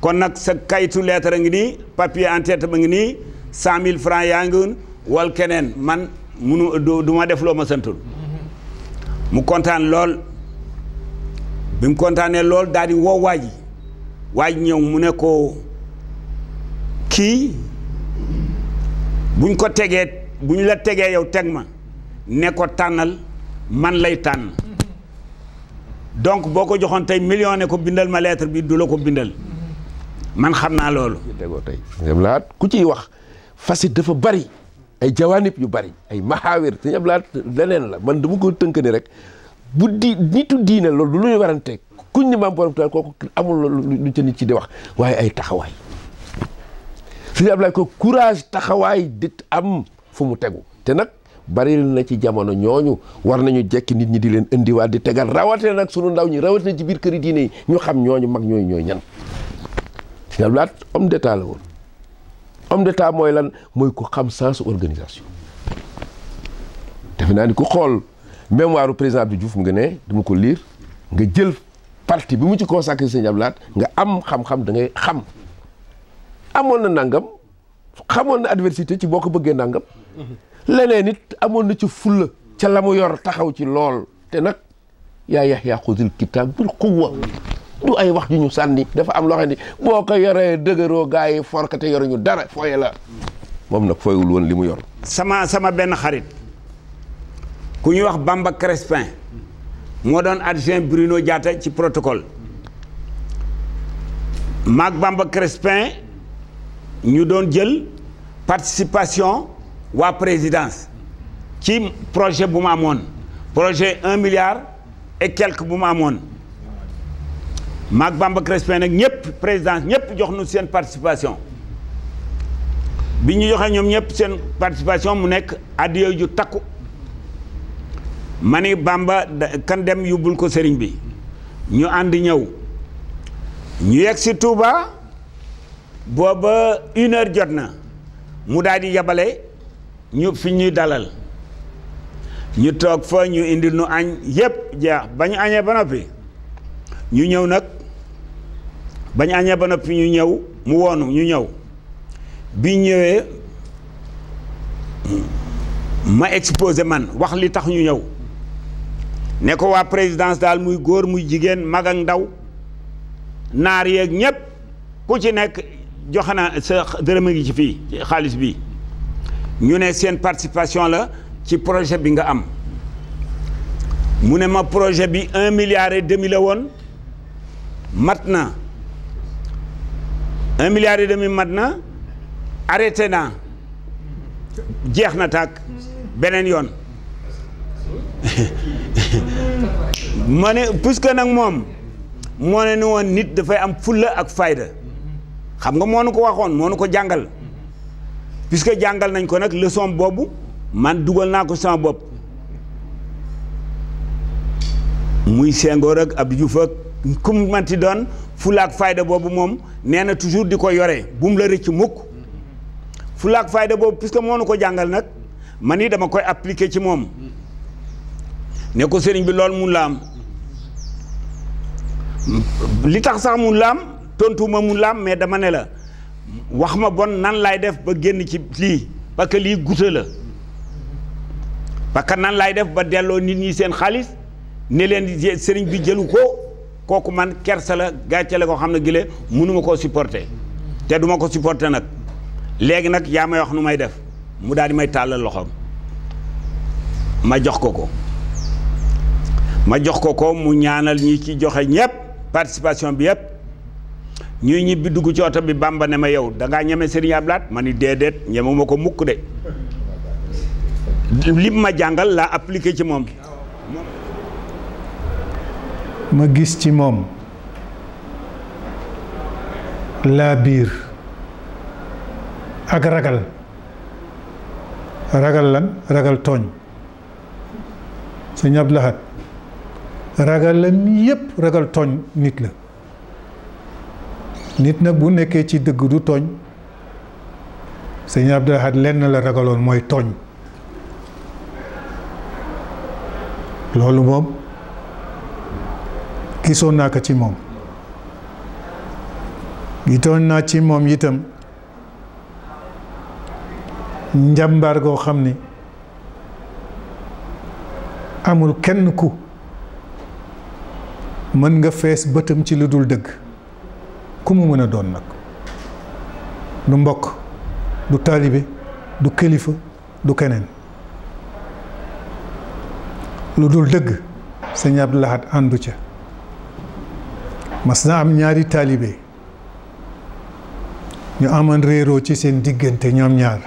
kon nag sa kayitu lettre a ngi nii papier en tête ba ngi nii cent mille francs yaa ngi wal keneen man munu du ma def loo ma santul mu kontaan lool bi mu kontaanee lool daal di woo waa ñëw mu ne ko kii buñ ko tegee buñ la tegee yow teg ma ne ko tànnal man lay tànn donc boo ko joxoon tey million ne ko bindal ma leetar bi du la ko bindal man xam naa loolu. déggoo tey ku ciy wax fasit dafa bari ay jawaanib yu bari ay maxaawir sëñ laat leneen la man dama ko tënk ni rek bu di nitu diine loolu lu ñuy warante kuñ ni maam borom taal kooku amul lu ca nit ci di wax waaye ay taxawaay. sëñ Ablaye ko courage taxawaay di am fu mu tegu te nag bari na ci jamono ñooñu war nañu jekki nit ñi di leen indiwaat di tegal rawatina nag sunu ndaw ñi rawatina ci biir këri diine yi ñu xam ñooñu mag ñooy ñooy ñan sëñ om homme d'état la woon homme d'état mooy lan mooy ku xam sens organisation defe naa ni ku xool mémoire président Abdou Diouf mu ngi ne dama ko liir nga jël parti bi mu ci consacré sëñ Ablaye nga am xam-xam da ngay xam amoon na nangam xamoon na adversité ci boo ko bëggee nangam leneen it amoon na ci fulla ca la mu yor taxaw ci lool te nag yaa Yaxya xuzil kitaab bil quwwa du ay wax ju ñu sànni dafa am loo xam boo ko yoree dëgëroo gars yi forkate yoruñu dara fooye la moom nag fooyewul woon li mu yor sama sama benn xarit ku ñuy wax Bamba Crespin moo doon adjoint Bruno jaata ci protocole maag Bamba Crespin ñu doon jël participation waa présidence ci projet bu ma amoon projet un milliard et quelque bu ma amoon maag Bamba Crespin nag ñëpp présidence ñëpp jox nu seen participation bi ñu joxee ñoom ñëpp seen participation mu nekk addiya ju takku ma ni kan dem yóbbul ko sëriñ bi ñu ànd ñëw ñu yegg si Touba. booba une jot na mu daal di yabale ñu fi ñuy dalal ñu toog fa ñu indi nu añ yëpp jeex ba ñu añee ba ñu ñëw nag ba ñu añee ba noppi ñu ñëw mu woonu ñu ñëw bi ñëwee ma exposé man wax li tax ñu ñëw ne ko waa présidence daal muy góor muy jigéen mag ak ndaw naar yeeg ñëpp ku ci nekk joxe na sa dërëm ngi ci fii xaalis bi ñu ne seen participation la ci projet bi nga am mu ne ma projet bi un milliard et demi la woon mat na un milliard et demi mat na arrêté naa jeex na tàkk beneen yoon <laughs> ma ne puisque nag moom moo ne ni woon nit dafay am fulla ak fayda xam nga moo nu ko waxoon moo nu ko jàngal que jàngal nañ ko nag leçon boobu man dugal naa ko sama bopp muy Senghor rek Abdou Diouf ak man manti doon fulaak fayda boobu moom nee na toujours di ko yore bu mu la rëcc mukk fulaak fayda boobu que moo nu ko jàngal nag man ni dama koy appliquer ci moom ne ko sëriñ bi loolu mun la am li tax sax mun la am tontuma mu laam mais dama ne la wax ma bon nan laay def ba génn ci lii parce que lii guta la parce que nan laay def ba delloo nit ñi seen xaalis ni leen sëriñ bi jëlu ko kooku man kersa la gàcce la koo xam ne gile mënuma koo supporter te duma ko supporter nag léegi nag yaa may wax nu may def mu daal di may tàllal loxoom ma jox ko ko ma jox ko ko mu ñaanal ñi ci joxe ñëpp participation bi yëpp ñuy ñibbi dugg ci bi Bamba ne ma yow da ngaa ñeme Serigne Abdou Lahad ma ni déedéet ñeme ko mukk de lim ma jàngal laa appliqué ci moom. ma gis ci moom laa biir ak ragal ragal lan ragal tooñ Serigne Abdou Lahad ragal lan yépp ragal tooñ nit la. nit nag bu nekkee ci dëgg du tooñ sëñ Abdul lenn la ragaloon mooy tooñ loolu moom gisoon naa ko ci moom gisoon naa ci moom itam njàmbaar goo xam ni amul kenn ku mën nga fees bëtam ci lu dul dëgg ku mu mën a doon nag du mbokk du taalibe du kilifa du keneen lu dul dëgg sëñ Abdou Lahad àndu ca mas na am ñaari taalibe ñu amoon réeroo ci seen diggante ñoom ñaar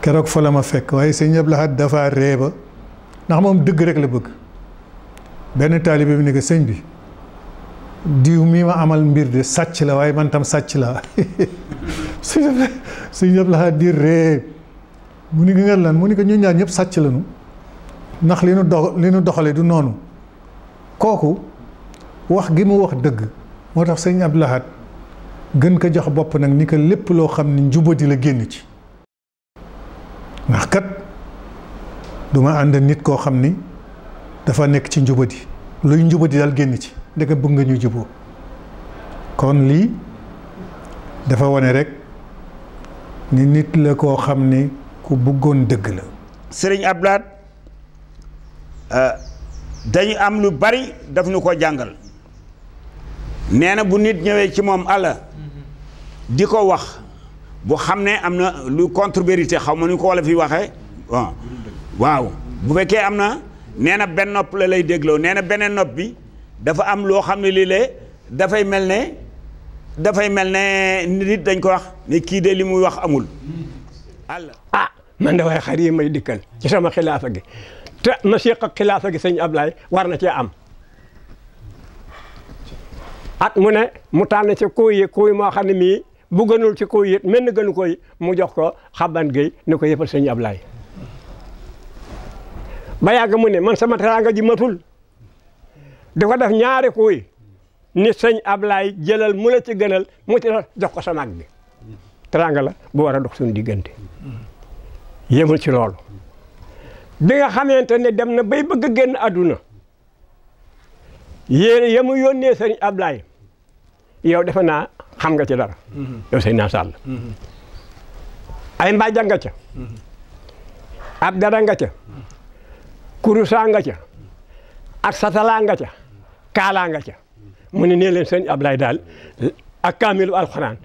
keroog fa la ma fekk waaye sëñ Abdou Lahad dafa ree ba ndax moom dëgg rek la bëgg benn taalibe bi ne ko sëñ bi diw mii ma amal mbir de sàcc la waaye man tam sàcc la suñ suñ ñëpp laa <laughs> di ree mu ni nga lan mu ni ko ñu ñaar ñëpp sàcc lanu ndax li nu do li nu doxale du noonu kooku wax gi mu wax dëgg moo tax sëñ Abdou Lahad gën ko jox bopp nag ni ko lépp loo xam ne njubadi la génn ci ndax kat duma ànd nit koo xam ni dafa nekk ci njubadi luy di daal génn ci ndeke bëgg nga ñu juboo kon lii dafa wone rek ni nit la koo xam ne ku buggoon dëgg la sëriñ Ablaat euh, dañu am lu bari daf ñu ko jàngal nee na bu nit ñëwee ci moom àlla di ko wax bu xam ne am na lu contre-vérité xaw ma nu ko walla fi waxee waaw bu fekkee am na nee na benn nopp la lay dégloo nee na beneen nopp bi dafa am loo xam ne lii le dafay mel ne dafay mel ne nit dañ ko wax ne kii de li muy wax amul àlla ah man da waaye xar yi may dikkal ci sama xilaafa gi te ma seq ak xilaafa gi sëñ Ablaay war na cee am at mu ne mu tànn ci kuy yi kuy moo xam ne mii bu gënul ci kuy it mel ni gënu koy mu jox ko xaban gay ni ko yëppal sëñ Ablaay ba yàgg mu ne man sama teraanga ji matul ko def ñaari kuy ni sëñ Ablaay jëlal mu la ci gënal mu ci jox ko sa mag bi teranga la bu war a dox suñu diggante yemul ci loolu bi nga xamante ne dem na bay bëgg a génn àdduna yéen yemu yónnee sëñ Ablaay yow defe naa xam nga ci dara yow sëñ naa sàll ay mbàjja nga ca ab dara nga ca kurusaa nga ca ak satalaa ca kaalaa nga ca mu ne nee leen sëñ Ablaye daal ak kaamilu alxuraan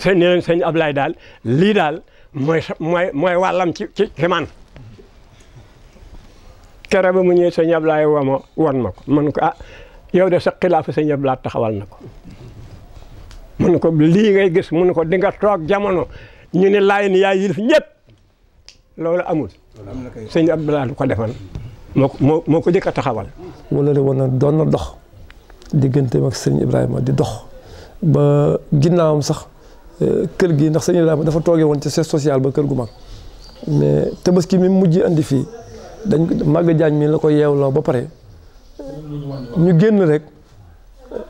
sëñ nee leen sëñ Ablaye daal lii daal mooy mooy mooy ci ci kere ba mu ñëwee sëñ Ablaye woo ma won ko man ko ah de sa xilaafa sëñ Ablaye taxawal na ko mun ko lii ngay gis mun ko di toog jamono ñu ne laay ni yaay yilif ñëpp loolu amul sëñ Abdoulaye du ko defal moo ko moo ko jëkk a taxawal wala de woon na doon na dox digganteem ak sëñ Ibrahima di dox ba ginnaawam sax eh, kër gi ndax sëñ Ibrahima dafa toogee woon ci siège social ba kër gu mag mais tabaski mi mujj indi fii dañ màgg jaañ mi la ko yeewloo ba pare ñu génn rek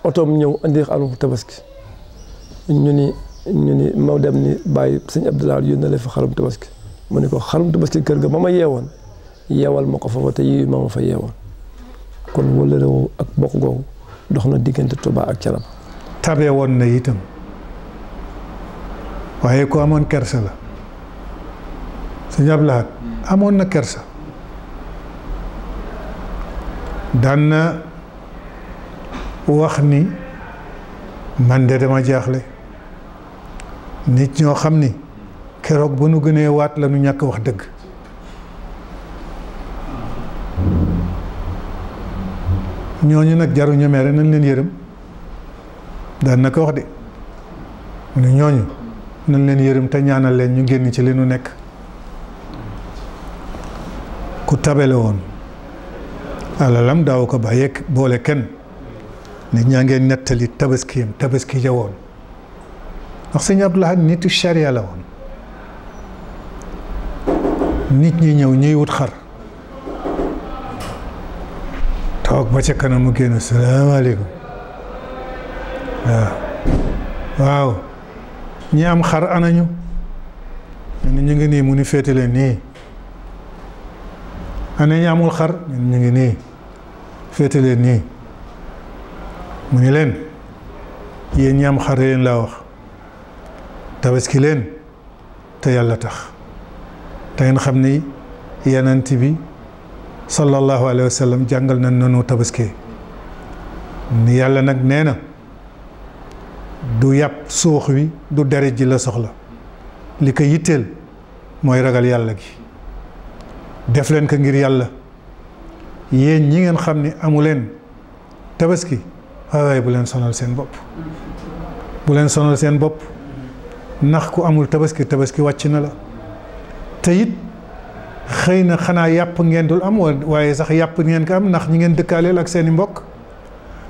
otoom ñëw indi alum tabaski ñu ni ñu ni ma dem ni bàyyi sëñ Abdoulaye yónnee fa xarum tabaski mu ni ko xarum tabaski kër ga ma ma yeewoon yeewal ma ko fa fa te yii ma ma fa yeewoon kon wëllërewu ak bokk googu dox na diggante Touba ak Thiénaba tabe woon na itam waaye ku amoon kersa la sëñ Abdou Lahad amoon na kersa daan na wax ni man de dama jaaxle nit ñoo xam ni keroog ba nu gënee waat la nu ñàkk wax dëgg ñooñu nag jaruñu mere nañ leen yërëm daan na ko wax de mu ne ñooñu nañ leen yërëm te ñaanal leen ñu génn ci li nu nekk ku tabale woon alalam daaw ko bàyyee boole kenn nit ñaa ngeen nettali tabaskiyam tabaski ja woon ndax sëñ Abdul Ahad nitu charia la nit ñi ñëw ñuy wut xar toog ba ca kanam mu génn salaamaaleykum waaw waaw ñi am xar anañu ñun ñu ngi nii mu ni féete leen nii ana ñi amul xar ñun ñu ngi nii féete leen nii mu ni leen yéen ñi am xar leen laa wax tabaski leen te yàlla tax te ngeen xam ni yenant bi sallallahu alayhi wa sallam jàngal nañ nanu tabaski ni yàlla nag nee na du yàpp suux wi du deret ji la soxla li ko yitteel mooy ragal yàlla gi def leen ko ngir yàlla yéen ñi ngeen xam ni amuleen tabaski waaye bu leen sonal seen bopp bu leen sonal seen bopp ndax ku amul tabaski tabaski wàcc na la te it xëy na xanaa yàpp ngeen dul am waaye sax yàpp ngeen ko am ndax ñi ngeen dëkkaaleel ak seeni mbokk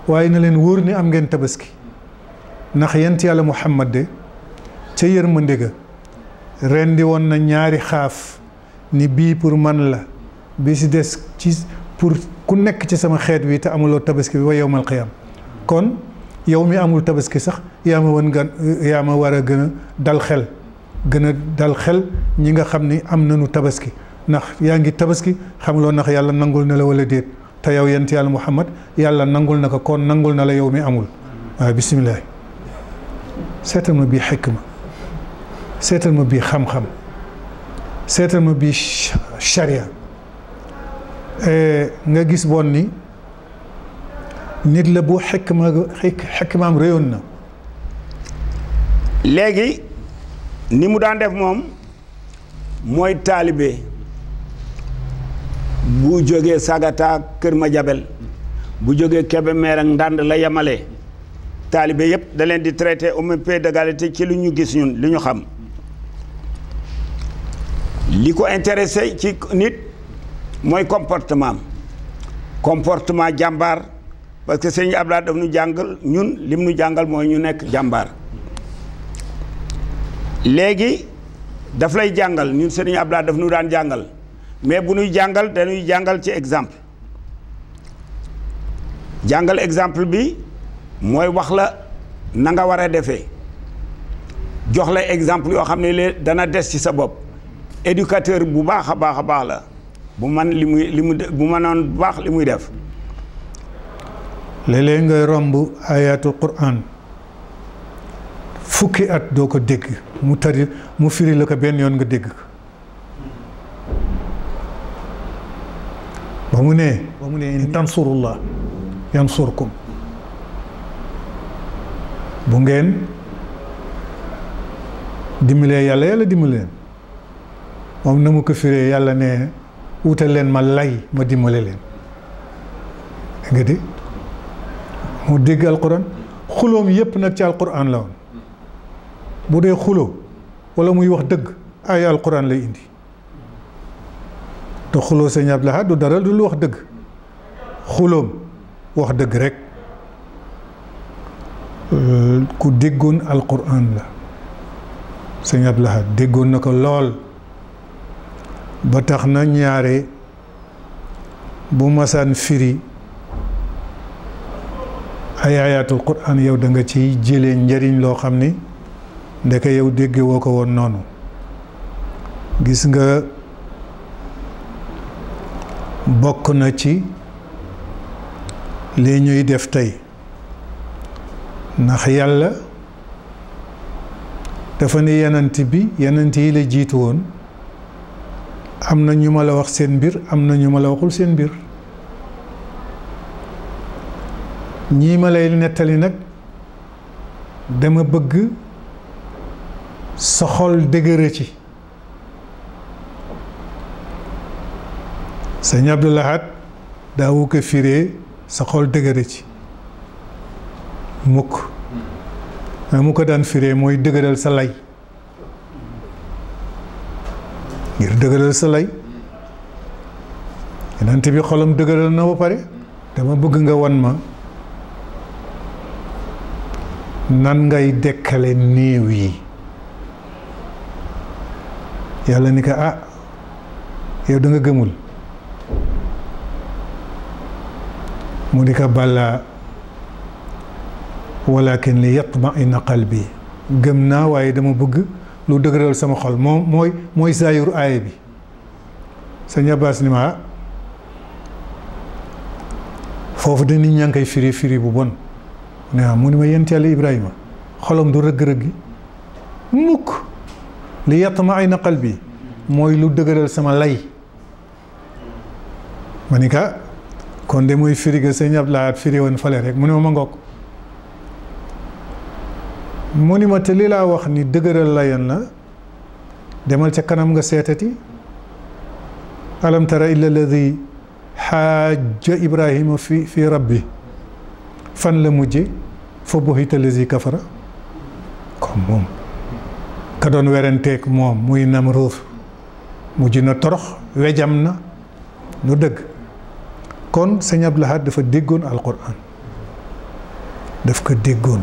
waaye na leen wóor ni am ngeen tabaski ndax yent yàlla muhammad de ca yërmande ga rendi woon na ñaari xaaf ni bii pour man la bi si des ci pour ku nekk ci sama xeet wi te amuloo tabaski bi wa yowmal am kon yow mi amul tabaski sax yaa ma wan gan yaa ma war a gën a dal xel gën a dal xel ñi nga xam ni am nañu tabaski ndax yaa ngi tabaski xam loo ndax yàlla nangul na la wala déet te yow yent yàlla muhammad yàlla nangul na ko kon nangul na la yaw mi amul waaw bisimilah seetal ma bii xikma seetal ma bii xam-xam seetal ma bii charia eh, nga gis bon ni nit la bu xikma xikmaam réyoon na léegi ni mu daan def moom mooy taalibe bu jógee Sagata Kër jabel bu jógee Kébémer ak Ndande la yemale taalibe yëpp da leen di traité au même pied te ci lu ñu gis ñun lu ñu xam li ko intéressé ci nit mooy comportement comportement jàmbaar parce que sëñ Abdoulaye daf nu jàngal ñun lim nu jàngal mooy ñu nekk jàmbaar léegi daf lay jàngal ñun sëñ Abdoulaye daf nu daan jàngal mais bu ñuy jàngal dañuy jàngal ci exemple jàngal exemple bi mooy wax la na nga war a defee jox la exemple yoo xam ne lee dana des ci sa bopp éducateur bu baax a baax a baax la bu man li muy li mu bu mënoon bu baax li muy def léeg-léeg ngay romb ayatul quran fukki at doo ko dégg mu tari mu firi la ko benn yoon nga dégg ba mu ne ba mu ne in tansurullah yansurkum bu ngeen dimbalee yàlla yàlla dimbali moom na mu ko firee yàlla ne wutal leen ma lay ma dimbale leen nga di mu dégg alquran xuloom yépp nag ci alquran la woon bu dee xuloo wala muy wax dëgg ay alquran lay indi te xuloo sëñ Abdou Lahad du dara du lu wax dëgg xuloom wax dëgg rek euh, ku déggoon alquran la sëñ Abdou Lahad déggoon na ko lool ba tax na ñaare bu masaan firi ay ayaatul quran yow danga nga ciy jëlee njëriñ loo xam ni ndeke yow dégge woo ko woon noonu gis nga bokk na ci li ñuy def tey ndax yàlla dafa ne yenant bi yenant yi la jiitu woon am na ñu ma la wax seen mbir am na ñu ma la waxul seen mbir ñii ma lay nettali nag dama bëgg soxol dëgëra ci sëñ Abdou Lahad daawu ko firee sa xol dëgëre ci mukk mais mu ko daan firee mooy dëgëral sa lay ngir dëgëral sa lay yenent bi xolam dëgëral na ba pare dama bëgg nga won ma nan ngay dekkale néew yi yàlla ni ko ah yow da nga gëmul mu ni ko balaa walakin li naqal bi gëm naa waaye dama bëgg lu dëgëral sama xol moom mooy mooy saayur aaya bi sëñ Abbas ni ma foofu de nit ñaa ngi koy firi firi bu bon waaw mu ni ma yent yàlla Ibrahima xolam du rëgg-rëgg mukk li yatmaina qalbi mooy lu dëgëral sama lay ma ni ka kon de muy firi ga sëñ Abdoulaye firi woon fale rek mu ne ma ma ngoog mu ni ma te li laa wax ni dëgëral la yan la demal ca kanam nga seetati alam tara illa alladi xaaja ibrahima fi fi rabbi fan la mujje fa buhita lazi kafara comme moom ka doon werenteeg moom muy nam ruuf mujj na torox wejam na nu dëgg kon sëñ Abdou Lahad dafa déggoon alquran daf ko déggoon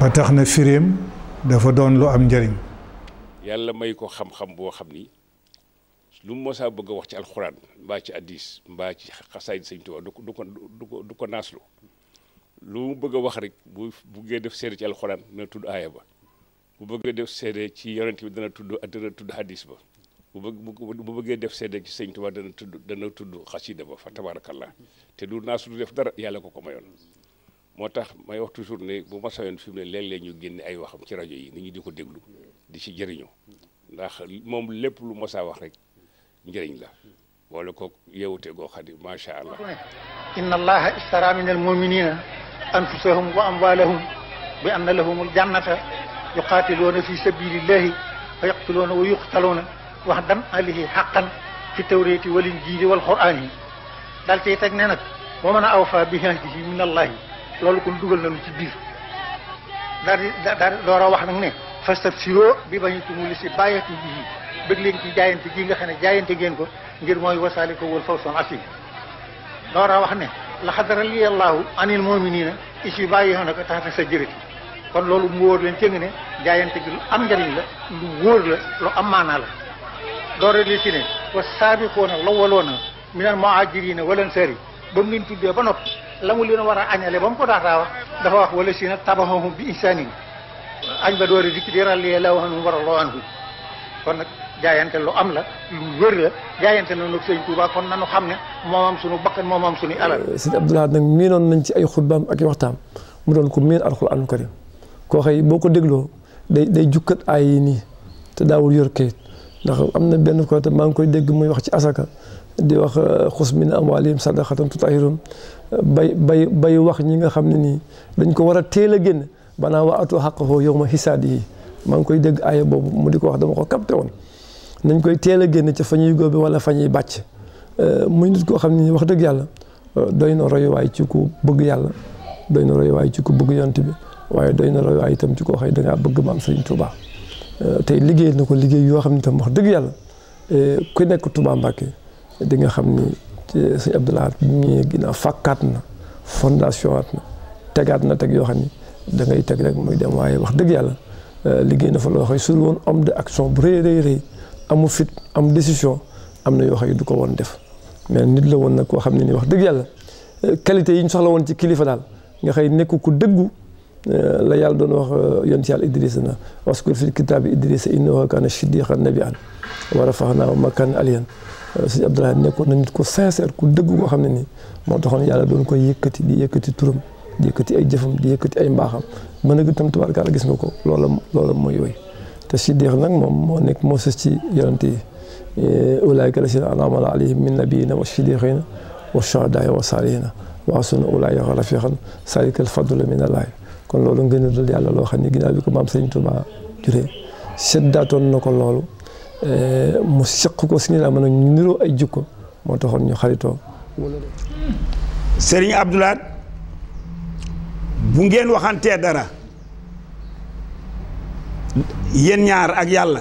ba tax na firéem dafa doon lu am njariñ yàlla may ko xam-xam boo xam ni lu mu mosaa bëgg a wax ci alxuraan mbaa ci addis mbaa ci xasaay sëñ Tuubaa du ko du ko du ko du ko naaslu lu mu bëgg wax rek bu buggee def seede ci alxuraan dana tudd aaya ba bu bëggee def seede ci yonent bi dana tudd dana tudd hadis ba bu bëgg bu bëggee def seede ci sëñ Tuubaa dana tudd dana tudd xasida ba fa tabaarakallah te du naa su du def dara yàlla ko ko mayoon moo tax may wax toujours ne bu ma sayoon fi mu ne ñu génne ay waxam ci rajo yi nit ñi di ko déglu di si jëriñu ndax moom lépp lu mosaa wax rek njëriñ la boole ko yeewute goo xam ne macha allah inna allaha istara min almuminina anfusahum wa amwalahum bi anna lahum aljannata yuqatiluuna fi sabilillahi fa yaqtuluuna wa yuqtaluuna wax dan alihi xaqan fi tawréeti wal injiili wal quraan yi daal cay teg ne nag wa man awfa bi ahdihi min allahi loolu kon dugal nañu ci biir daal di daal wax nag ne fastabsiroo bi bañitumu li si bàyyatu bihi bëgg leen ci jaayante gi nga xam ne jaayante ngeen ko ngir mooy wasaali ko wal fawsan asim door a wax ne la xadara li allahu anil muminina isi bàyyi na ko taxata sa jërëti kon loolu mu wóor leen cëng ne jaayante gi lu am njariñ la lu wóor la lu am maanaa la door a ci ne wa saabiquuna lawwaluuna minal muhaajiriina wal ansaari ba mu leen tuddee ba noppi la mu leen war a añale ba mu ko daataa wax dafa wax wala si na tabaxahum bi insaanin añ ba door a dikk di ràllee laa waxanum war a loo anhu kon nag jaayante loo am la lu wër la jaayante la nag sëñ Tuubaa kon nanu xam ne moomam suñu bakkan moomam suñu alal eh, sëñ Abdul Ahad nag miinoon nañ ci ay xutbaam ak i waxtaam mu doon ko miin alxuraanul karim koo boo ko dégloo day day jukkat ay yi te daawul yor kayit ndax am na benn côté maa ngi koy dégg muy wax ci asaka di wax euh, xus min amwaalihim sadaqatan tutahhirum bay bay bay wax ñi nga xam ne nii dañ ko war a teel a génn banaa wa atu haqqahu yawma yi maa ngi koy dégg aaya boobu mu di ko wax dama ko capté woon nañ koy teel a génn ca fa ñuy bi wala fa ñuy bàcc euh, muy nit koo xam ne nii wax dëgg yàlla euh, doy na royuwaay ci ku bëgg yàlla doy na royuwaay ci ku bëgg yont bi waaye doy na royuwaay itam ci koo xëy dangaa bëgg maam Sëriñ Tuubaa tey liggéey na ko liggéey yoo xam ni tam wax dëgg yàlla eh, ku nekk Touba Mbacké di nga xam ni eh, sëñ Abdou Lahad bi ñu ginnaaw fàkkaat na fondation at na tegaat na teg yoo xam ni dangay teg rek muy dem waaye wax dëgg yàlla eh, liggéey na fa loo xam ne sur woon de action bu rëy rëy rëy amu fit am décision am na yoo xam du ko woon def mais nit la woon nag koo xam ne ni wax dëgg yàlla qualité yi ñu soxla woon ci kilifa daal nga xëy nekk ku dëggu Euh, la yàlla doon wax euh, yonent yàlla Idrissa na waskur fil kitaabi Idrissa innahu kaana siddiqan nabiyyan wa rafahnaahu makan aliyan euh, sëñ Abdoulaye nekkoon na ko ku sincère ku dëgg koo xam ne nii moo taxoon yàlla doon koy yëkkati di yëkkati turam di yëkkati ay jëfam di yëkkati ay mbaaxam mën a tam tubaarkaala gis nga ko loola loola mooy yooyu te siddiq nag moom moo nekk moo sës ci yonent yi ulaayka lasina an'ama Allahu alayhim min nabiyyiina wa siddiqiina wa shuhadaa wa saalihiina wa hasuna ulaayika kon loolu ngëneelul yàlla loo xam ne ginnaaw bi ko maam Serigne Touba juree seddaatoon na ko loolu eh, mu seq ko si la mën a ñu niroo ay jikko moo taxoon ñu xaritoo. Serigne Abdou Lahad bu ngeen waxantee dara yéen ñaar ak yàlla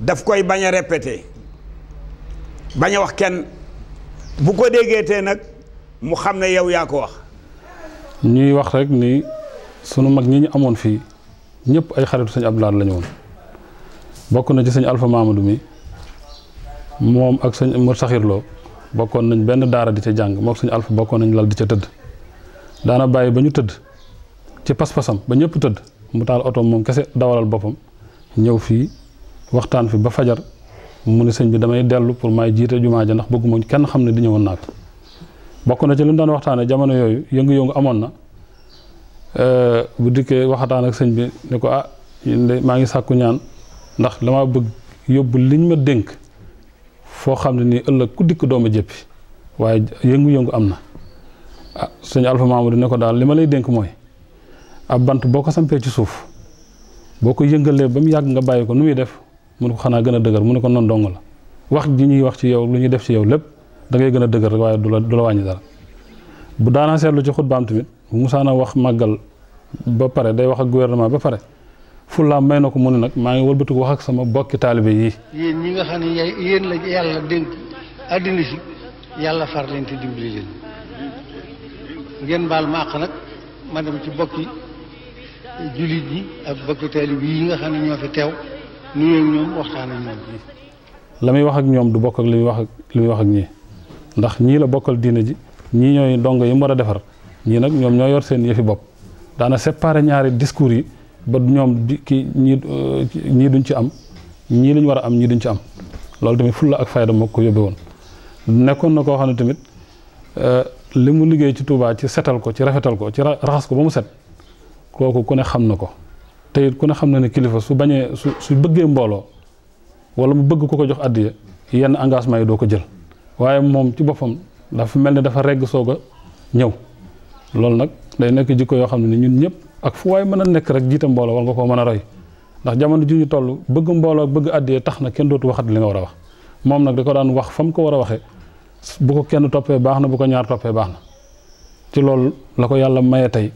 daf koy bañ a répété bañ a wax kenn bu ko déggeetee nag mu xam ne yow yaa ko wax. ñuy wax rek ni. sunu mag ñi ñu amoon fii ñëpp ay xaritu sëñ Abdoulaye lañu woon bokk na ci sañ Alpha Mamadou mi moom ak sëñ Mor Saxir bokkoon nañ benn daara di ca jàng mook sëñ alfa bokkoon nañ lal di ca tëdd daana bàyyi ba ñu tëdd ci pas-pasam ba ñëpp tëdd mu taal oto moom kese dawalal boppam ñëw fii waxtaan fi ba fajar mu ne sëñ bi damay dellu pour may jiite jumaa ja ndax bëgguma kenn xam ne di ñëwoon naa fi bokk na ci lu ñu daan waxtaanee jamono yooyu yëngu-yëngu amoon na bu dikkee waxataan ak sëñ bi ne ko ah maa ngi sàkku ñaan ndax dama bëgg yóbbu liñ ma dénk foo xam ne nii ëllëg ku dikk dooma jëppi waaye yëngu-yëngu am na ah sëñ Alpha Mamadou ne ko daal li ma lay dénk mooy ab bant boo ko sampee ci suuf boo ko yëngalee ba mu yàgg nga bàyyi ko nu muy def mu ne ko xanaa gën a dëgër mu ne ko non dong la wax ji ñuy wax ci yow lu ñuy def ci yow lépp da ngay gën a dëgër waaye du la du la wàññi dara bu daana seetlu ci xutbaam tamit musaana wax màggal ba pare day wax ak gouvernement ba pare fullaam may na ko mu ne nag maa ngi wëlbatiku wax ak sama bokki taalibe yi yéen ñi nga xam ne yàlla dénk àddina si yàlla far leen te dimbali ci bokki ak bokki taalibe yi nga xam ñoo fi teew nuyoo ñoom waxtaan ñoom la muy wax ak ñoom du bokk ak li muy wax ak wax ak ñii ndax ñii la bokkal diine ji ñii ñooy ndongo yi mu war a defar ñii nag ñoom ñoo yor seen yëfi bopp daana séparé ñaari discours yi ba ñoom di ki ñii euh, ñii duñ ci am ñii li war a am ñii duñ ci am loolu tamit fulla ak fayda moo ko yóbbe woon nekkoon na ko xam ne tamit euh, li mu liggéey ci tuubaa ci setal ko ci rafetal ko ci raxas ko ba mu set kooku ku ne xam na ko te it ku ne xam na ne kilifa su bañee su su bëggee mbooloo wala mu bëgg ku ko jox addiya yenn engagement yi doo ko jël waaye moom ci boppam dafa mel ni dafa regg soog a ñëw loolu nag day nekk jikko yoo xam ne ñun ñëpp ak fu waay mën a nekk rek jiite mbooloo war nga koo mën a roy ndax jamono ji ñu toll bëgg mbooloo ak bëgg àddee tax na kenn dootu waxat li nga war a wax moom nag da ko daan wax fa mu ko war a waxee bu ko kenn toppee baax na bu ko ñaar toppee baax na ci loolu la ko yàlla maye tey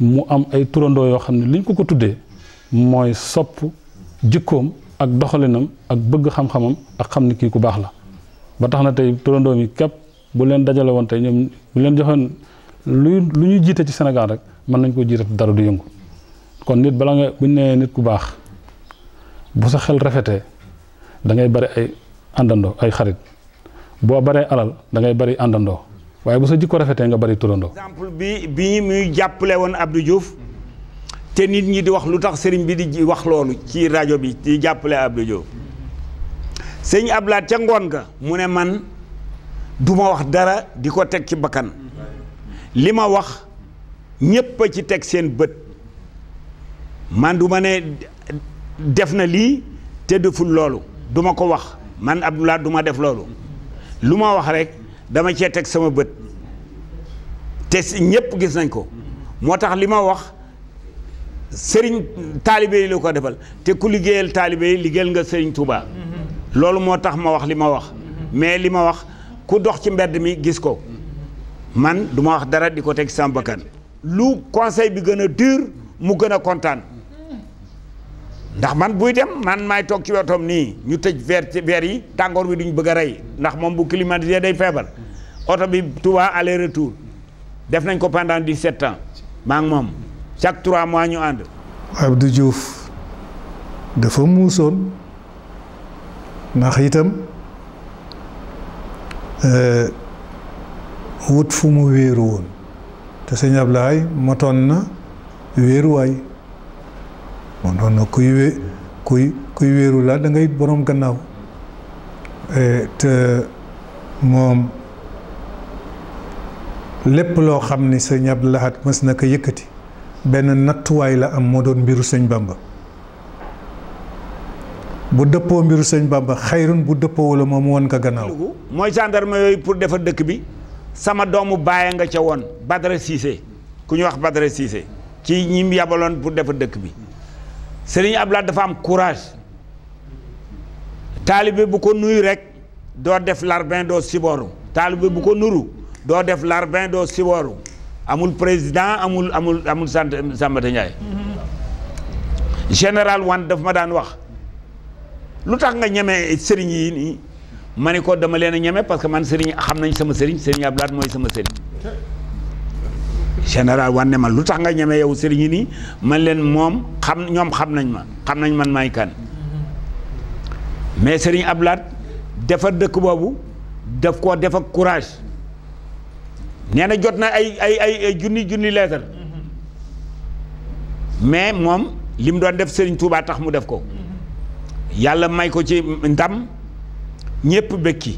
mu am ay turandoo yoo xam ne liñ ko ko tuddee mooy sopp jikkoom ak doxalinam ak bëgg xam-xamam ak xam ni kii ku baax la lu lu ñu jiite ci senegal rek mën nañ koo jiite dara du yëngu kon nit bala nga bu ñu nee nit ku baax bu sa xel rafetee dangay ngay bari ay àndandoo ay xarit boo baree alal da ngay bari àndandoo waaye bu sa jikko rafetee nga bari turandoo. exemple bi bi muy jàppale woon Abdou Diouf te nit ñi di wax lu tax sëriñ bi di wax loolu ci rajo bi di jàppale Abdou Diouf sëñ Ablaat ca ngoon ga mu ne man duma wax dara di ko teg ci bakkan. li ma wax ñépp ci teg seen bët man du ma ne def na lii te deful loolu duma ko wax man Abdoulaye du ma def loolu lu ma wax rek dama cee teg sama bët te ñépp gis nañ ko moo tax li ma wax sëriñ taalibe yi la ko defal te ku liggéeyal taalibe yi liggéeyal nga sëriñ Touba mm-hmm. loolu moo tax ma wax li ma wax mm-hmm. mais li ma wax ku dox ci mbedd mi gis ko man duma wax dara di ko teg sama bakkan lu conseil bi gën a dur mu gën a kontaan ndax man buy dem man maay toog ci wetam nii ñu tëj ver ver yi tàngoor wi duñ bëgg a rey ndax moom bu climatisé day feebar oto bi Touba aller retour def nañ ko pendant 17 ans maa ngi moom chaque trois mois ñu ànd. Abdou Diouf dafa muusoon ndax itam. Euh, wut fu mu wéeru woon te sëñ Ablaay motoon na wéeruwaay motoon na kuy wé kuy kuy wéeru laa da boroom gannaaw e, te moom lépp loo xam ni sëñ Abdou Lahad mës na ko yëkkati benn nattuwaay la am moo doon mbiru sëñ Bamba bu dëppoo mbiru sëñ Bamba xayrun bu dëppoo wala moom woon ko gannaaw. mooy gendarme pour defar dëkk bi. sama doomu baay nga ca woon Badara Cissé ku ñu wax Badara Cissé ci ñim yabaloon pour defa dëkk bi Serigne Abdoulaye dafa am courage taalibe bu ko nuyu rek doo def larbin doo sibooru taalibe bu ko nuru doo def larbin doo sibooru amul président amul amul amul sant Sambata Ndiaye général Wane daf ma daan wax lu tax nga ñemee sëriñ yi ma ne ko dama leen ñeme parce que man sëriñ xam nañ sama sëriñ sëriñ Abdoulaye mooy sama sëriñ général wan man lu tax nga ñeme yow sëriñ yi nii man leen moom xam ñoom xam nañ ma xam nañ man may kan mais sëriñ ablaat defar dëkk boobu def koo def ak courage nee na jot na ay ay ay junni junni leetar mais moom li mu doon def sëriñ tuubaa tax mu def ko yàlla may ko ci ndam ñëpp bëkki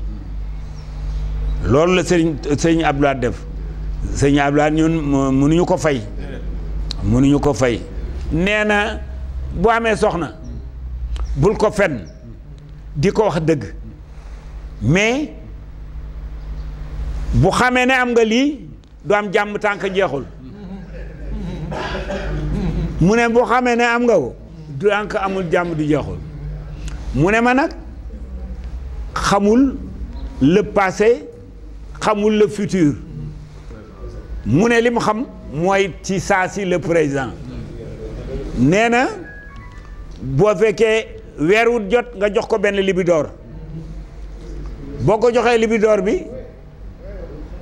loolu la sëriñ sëriñ Abdoulaye def sëriñ Abdoulaye ñun mënuñu ko fay mënuñu ko fay nee na bu amee soxna bul ko fenn di ko wax dëgg mais bu xamee ne am nga lii du am jàmm tànk jeexul mu ne bu xamee ne am nga ko du tànk amul jàmm du jeexul mu ne ma nag xamul le passé xamul le futur mu ne li mu xam mooy ci saa si le présent nee na boo fekkee weer wu jot nga jox ko benn libidoor boo ko joxee libidoor bi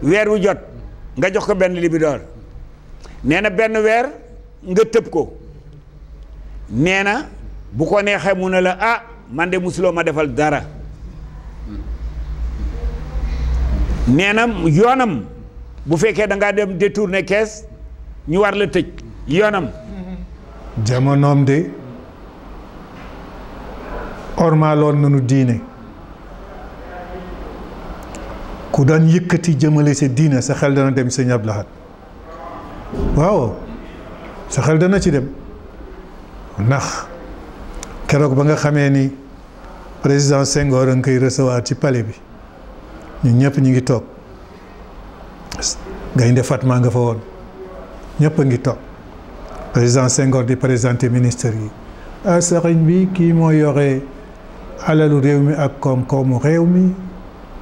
weer wu jot nga jox ko benn libidoor nee na benn weer nga tëb ko nee na bu ko neexee mu ne la ah man de musuloo ma defal dara nee na yoonam bu fekkee da ngaa dem détourner kees ñu war la tëj yoonam. jamonoom de ormaaloon nañu diine ku daan yëkkati jëmale sa diine sa xel dana dem sëñ Abdou waaw sa xel dana ci dem ndax keroog ba nga xamee ni président Senghor a ngi koy recevoir ci pale bi. ñu ñëpp ñu ngi toog gaynde Fatma nga fa woon ñëpp a ngi toog président Senghor di présenté ministre yi ah sëriñ bi kii moo yoxe alalu réew mi ak koom-koomu réew mi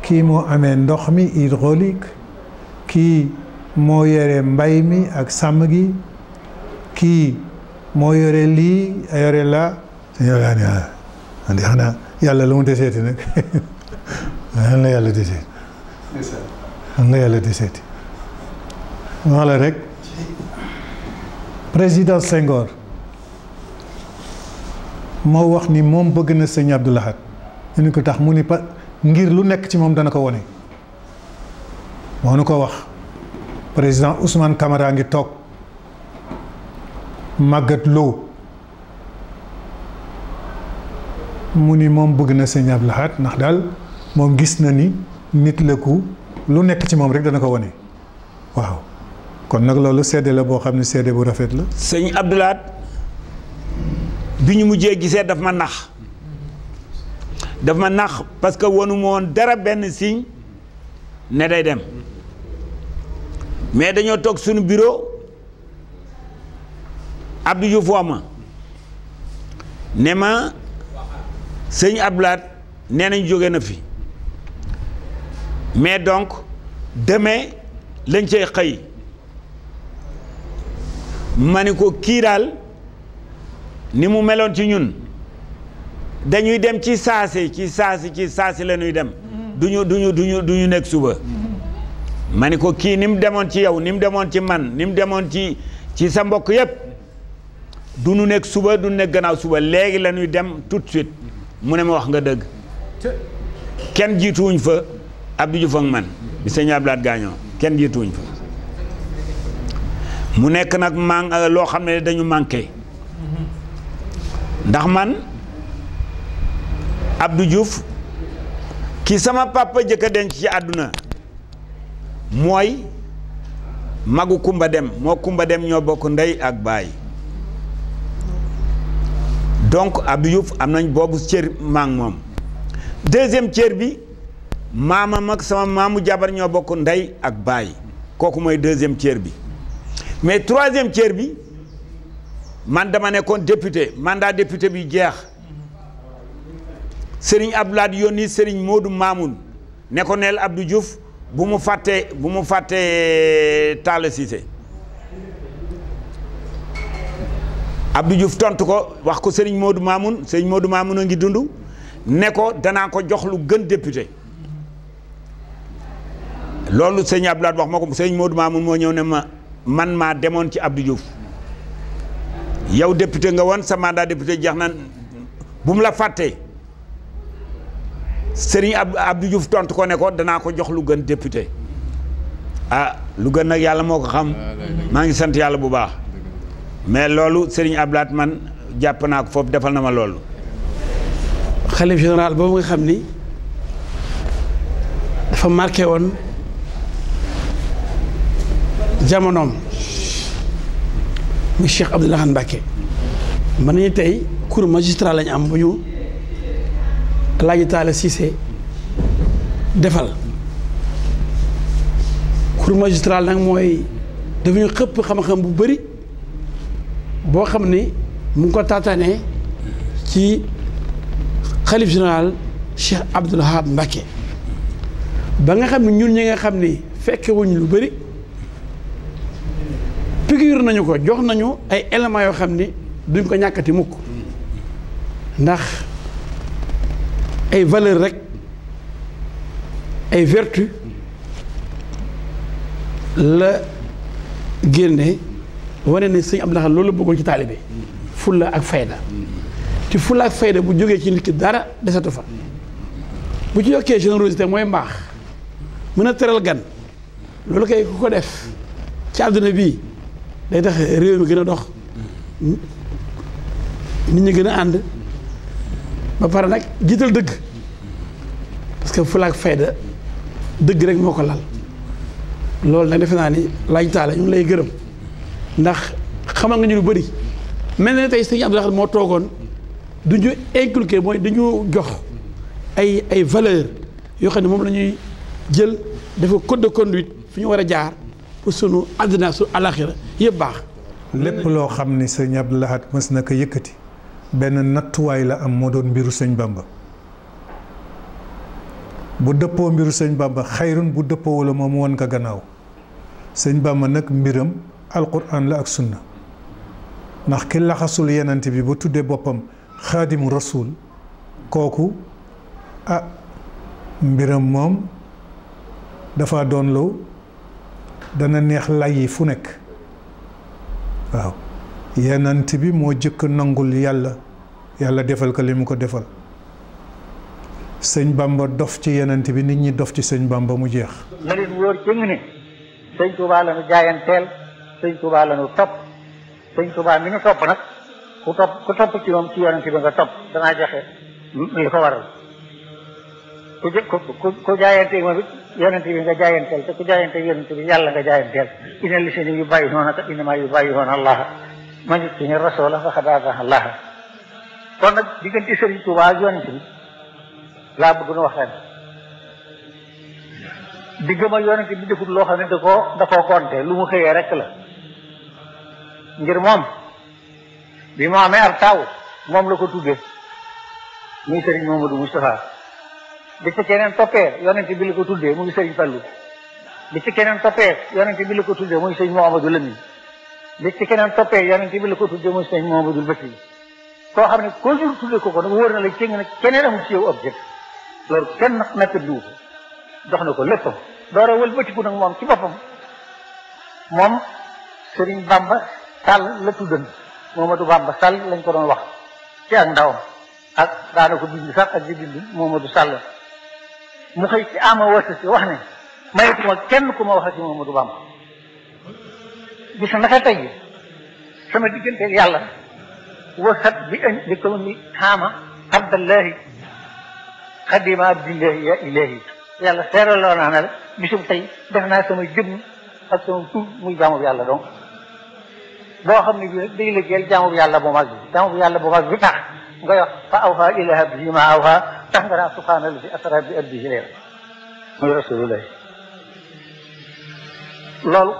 kii moo amee ndox mi hydraulique kii moo yore mbay mi ak sàmm gi kii moo yore lii yore laa. suñu yore laa ne ah yàlla lu mu deseeti nag. <laughs> lan la yàlla di seeti lan la yàlla di seeti wax la rek président Senghor moo wax ni moom bëgg na sëñ Abdou Lahad ñu ko tax mu ni pa ngir lu nekk ci moom dana ko wone moo nu ko wax président Ousmane Camara ngi toog màggat Lo mu ni moom bëgg na sëñ Abdou ndax daal moom gis na ni nit la ko lu nekk ci moom rek dana ko wane waaw kon nag loolu sedd la boo xam ne seede bu rafet la. sëñ Abdoulaat bi ñu mujjee gisee daf ma nax daf ma nax parce que wanu ma woon dara benn siñ ne day dem mais dañoo toog suñu bureau Abdou Diouf ma ne ma sëñ Abdoulaat nee nañ jóge na fi. mais donc demee lañ cay xëy ma ni ko kii daal ni mu meloon ci ñun dañuy dem ci saasi ci saasi ci saasi la ñuy dem duñu duñu duñu du ñu nekk suba ma ni ko kii ni mu demoon ci yow ni mu demoon ci man ni mu demoon ci ci sa mbokk yépp du nu nekk suba du nu nekk gannaaw suba léegi lañuy dem tout suite mu ne ma wax nga dëgg kenn jiituwuñ fa Abdou Diouf ak man bi sëñ Ablaat gaañoo kenn jiituwuñ fa mu nekk nag man euh, loo xam ne dañu manqué ndax man Abdou juf ki sama papa jëkk denc ci àdduna mooy magu Kumba Dem moo Kumba Dem ñoo bokk ndey ak baay donc Abdou Diouf am nañ boobu cër maa moom deuxième cër bi maamam ak sama maamu jabar ñoo bokk ndey ak baay kooku mooy deuxième tiers bi mais troisième tiers bi man dama nekkoon député mandat député bi jeex Serigne Abdoulaye yónni Serigne Modou Mamoun ne ko neel Abdou Diouf bu mu fàttee bu mu fàttee euh, Talla Cissé abdu Diouf tontu ko wax ko Serigne Modou Mamoun Serigne Modou Mamoun a ngi dund ne ko danaa ko jox lu gën député. loolu sëñ Abdou Lahad wax moo ko sëñ moo Mamoun moo ñëw ne ma man maa demoon ci Abdou Diouf yow député nga woon sa mandat député jeex na bu mu la fàttee sëriñ Ab Abdou tontu ko ne ko danaa ko jox lu gën député ah lu gën nag yàlla moo ko xam maa ngi sant yàlla bu baax mais loolu sëriñ ablaat man jàpp naa ko foofu defal na ma loolu. xalif général boobu nga xam ni dafa marqué woon. jamonoom muy Cheikh Abdou Lahad Mbacké mën nañu tey cour magistral lañu am bu ñu Alaaji Taala Cissé defal cour magistral nag mooy dafa ñu xëpp xam-xam bu bari boo xam ni mu ngi ko taatanee ci xalif général Cheikh Abdou Lahad ba nga xam ne ñun ñi nga xam ni fekke wuñ lu bari figure nañu ko jox nañu ay éléments yoo xam ni duñ ko ñàkkati mukk ndax ay valeur rek ay vertu la génne wane ne sëñ am Lahad loolu bëggoon ci taalibe fulla ak fayda ci fulla ak fayda bu jógee ci nit dara desatu fa bu ci yokkee générosité mooy mbaax mën a teral gan loolu kay ku ko def ci àdduna bii day tax réew mi gën a dox nit ñi gën a ànd ba pare nag jiital dëgg parce que fulla ak fayda dëgg rek moo ko lal loolu nag defe naa ni laaj taale ñu lay gërëm ndax xamal nga ñu lu bari mel na tey sëñ la Lahad moo toogoon du ñu inculqué mooy dañu jox ay ay valeur yoo xam ne moom lañuy jël dafa code de conduite fi ñu war a jaar pour sunu àddina su lépp loo xam ni sëñ Abdou Lahad mës na ko yëkkati benn nattuwaay la am moo doon mbiru sëñ Bamba bu dëppoo mbiru sëñ Bamba xayrun bu dëppoo wala moom woon ko gannaaw sëñ Bamba nag mbiram alquran la ak sunna ndax ki laxasul yenante bi ba tuddee boppam xaadimu rasul kooku ah mbiram moom dafa doon lu dana neex lay yi fu nekk waaw yenant bi moo jëkk nangul yàlla yàlla defal ko li mu ko defal sëñ bamba dof ci yenant bi nit ñi dof ci sëñ bamba mu jeex na leen wóor ci ñu ne sëñ tubaa la nu jaayanteel sëñ tubaa la nu topp sëñ tubaa mi nu topp nag ku topp ku topp ci moom bi nga topp danaa joxe li ko waral ku ku ku jaayantee moom it yonente bi nga jaayanteel te ku jaayante yonente bi yàlla nga jaayanteel ina lisina yu bàyyi noona ka inama yu bàyyi noona ma nit ki ni rasoola faqad ataa allaha kon nag diggante sëriñ Tuubaa ak yonente bi laa bëgg nu waxtaan diggam ak yonente bi defut loo xam ne da koo da konte lu mu xëyee rek la ngir moom bi mu amee ab taw moom la ko tuddee muy sëriñ Mamadou Moustapha bi ci keneen toppee yonent bi la ko tuddee muy sëriñ Fallu bi ci keneen toppee yonent bi la ko tuddee muy sëriñ Muhammadu Lamin bi ci keneen toppee yonent bi la ko tuddee muy sëriñ Muhammadu Basi koo xam ne ko jur tuddee ko ko nag wóor na la cëng nag keneen amul ci yow objet loolu kenn natt du ko dox na ko léppam door a wëlbatiku nag moom ci boppam moom sëriñ Bamba Sall la tuddan Momadou Bamba Sall lañ ko doon wax ci ak ndawam ak daana ko bind sax ak di bind Momadou Sall mu xëy ci ama wërta si wax ne maytuma kenn ku ma waxati Mamadu Bamba bis naka tey sama digganteeg yàlla wasat bi an bi kaw ni xaama abdallahi xadima abdillahi ya ilahi yàlla seeraloo naa ne la bisum tey def naa sama jëmm ak sama tur muy jaamu bi yàlla donc boo xam ni bi rek day liggéeyal bi yàlla bu mag bi jaamu bi yàlla bu mag bi tax nga wax fa awha ilaha bi ma awha ربنا سبحان الذي أسرى بأبيه ليلا muy rasulullahi loolu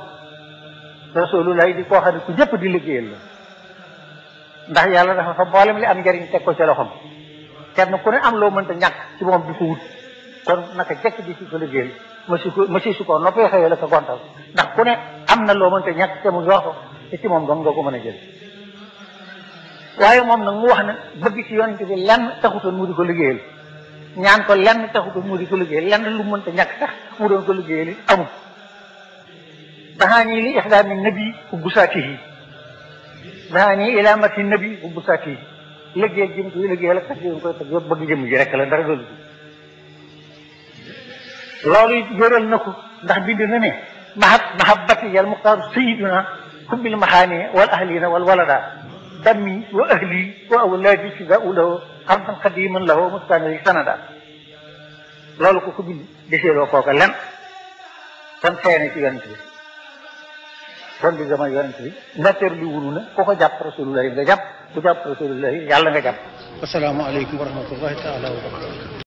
rasulullahi di koo xam ne ku jëpp di liggéey la ndax yàlla dafa fa mboolem li am njariñ teg ko ci loxoom kenn ku ne am loo mënta ñàkk ci moom di ko wut kon naka jekk di si ko liggéeyal masi ko masi su ko noppee xëyee la ko gontal ndax ku ne am na loo mënta ñàkk te mu yor ko moom dong nga ko mën a jël waaye moom nag mu wax ne bëgg ci yonent bi lenn taxutoon mu di ko liggéeyal ñaan lan lenn ko mu di ko liggéey lan lu mënta ñàkk tax mu doon ko liggéey li amul daxaani li ixdaami nabi ubbu saatihi daxaani ilaamati nabi ubbu saatihi liggéey jëm koy liggéey la tax jëm koy tax yëpp ji rek la dara doolu ji loolu yoral na ko ndax bind na ne mahab mahabati yal muxtaaru sayiduna hubbil maxaani wal ahlina wal walada dammi wa ahli wa awlaadi fidaa ulawo xam-xam xadiman lahu mustanadi sanada loolu ko ku bind deseeloo kooka len kon feene ci yonent bi kon di jamono yonent bi natteer li ko jàpp rasulullahi nga jàpp ku jàpp rasulullahi yàlla nga jàpp asalaamaaleykum wa rahmatullahi taala wa barakatu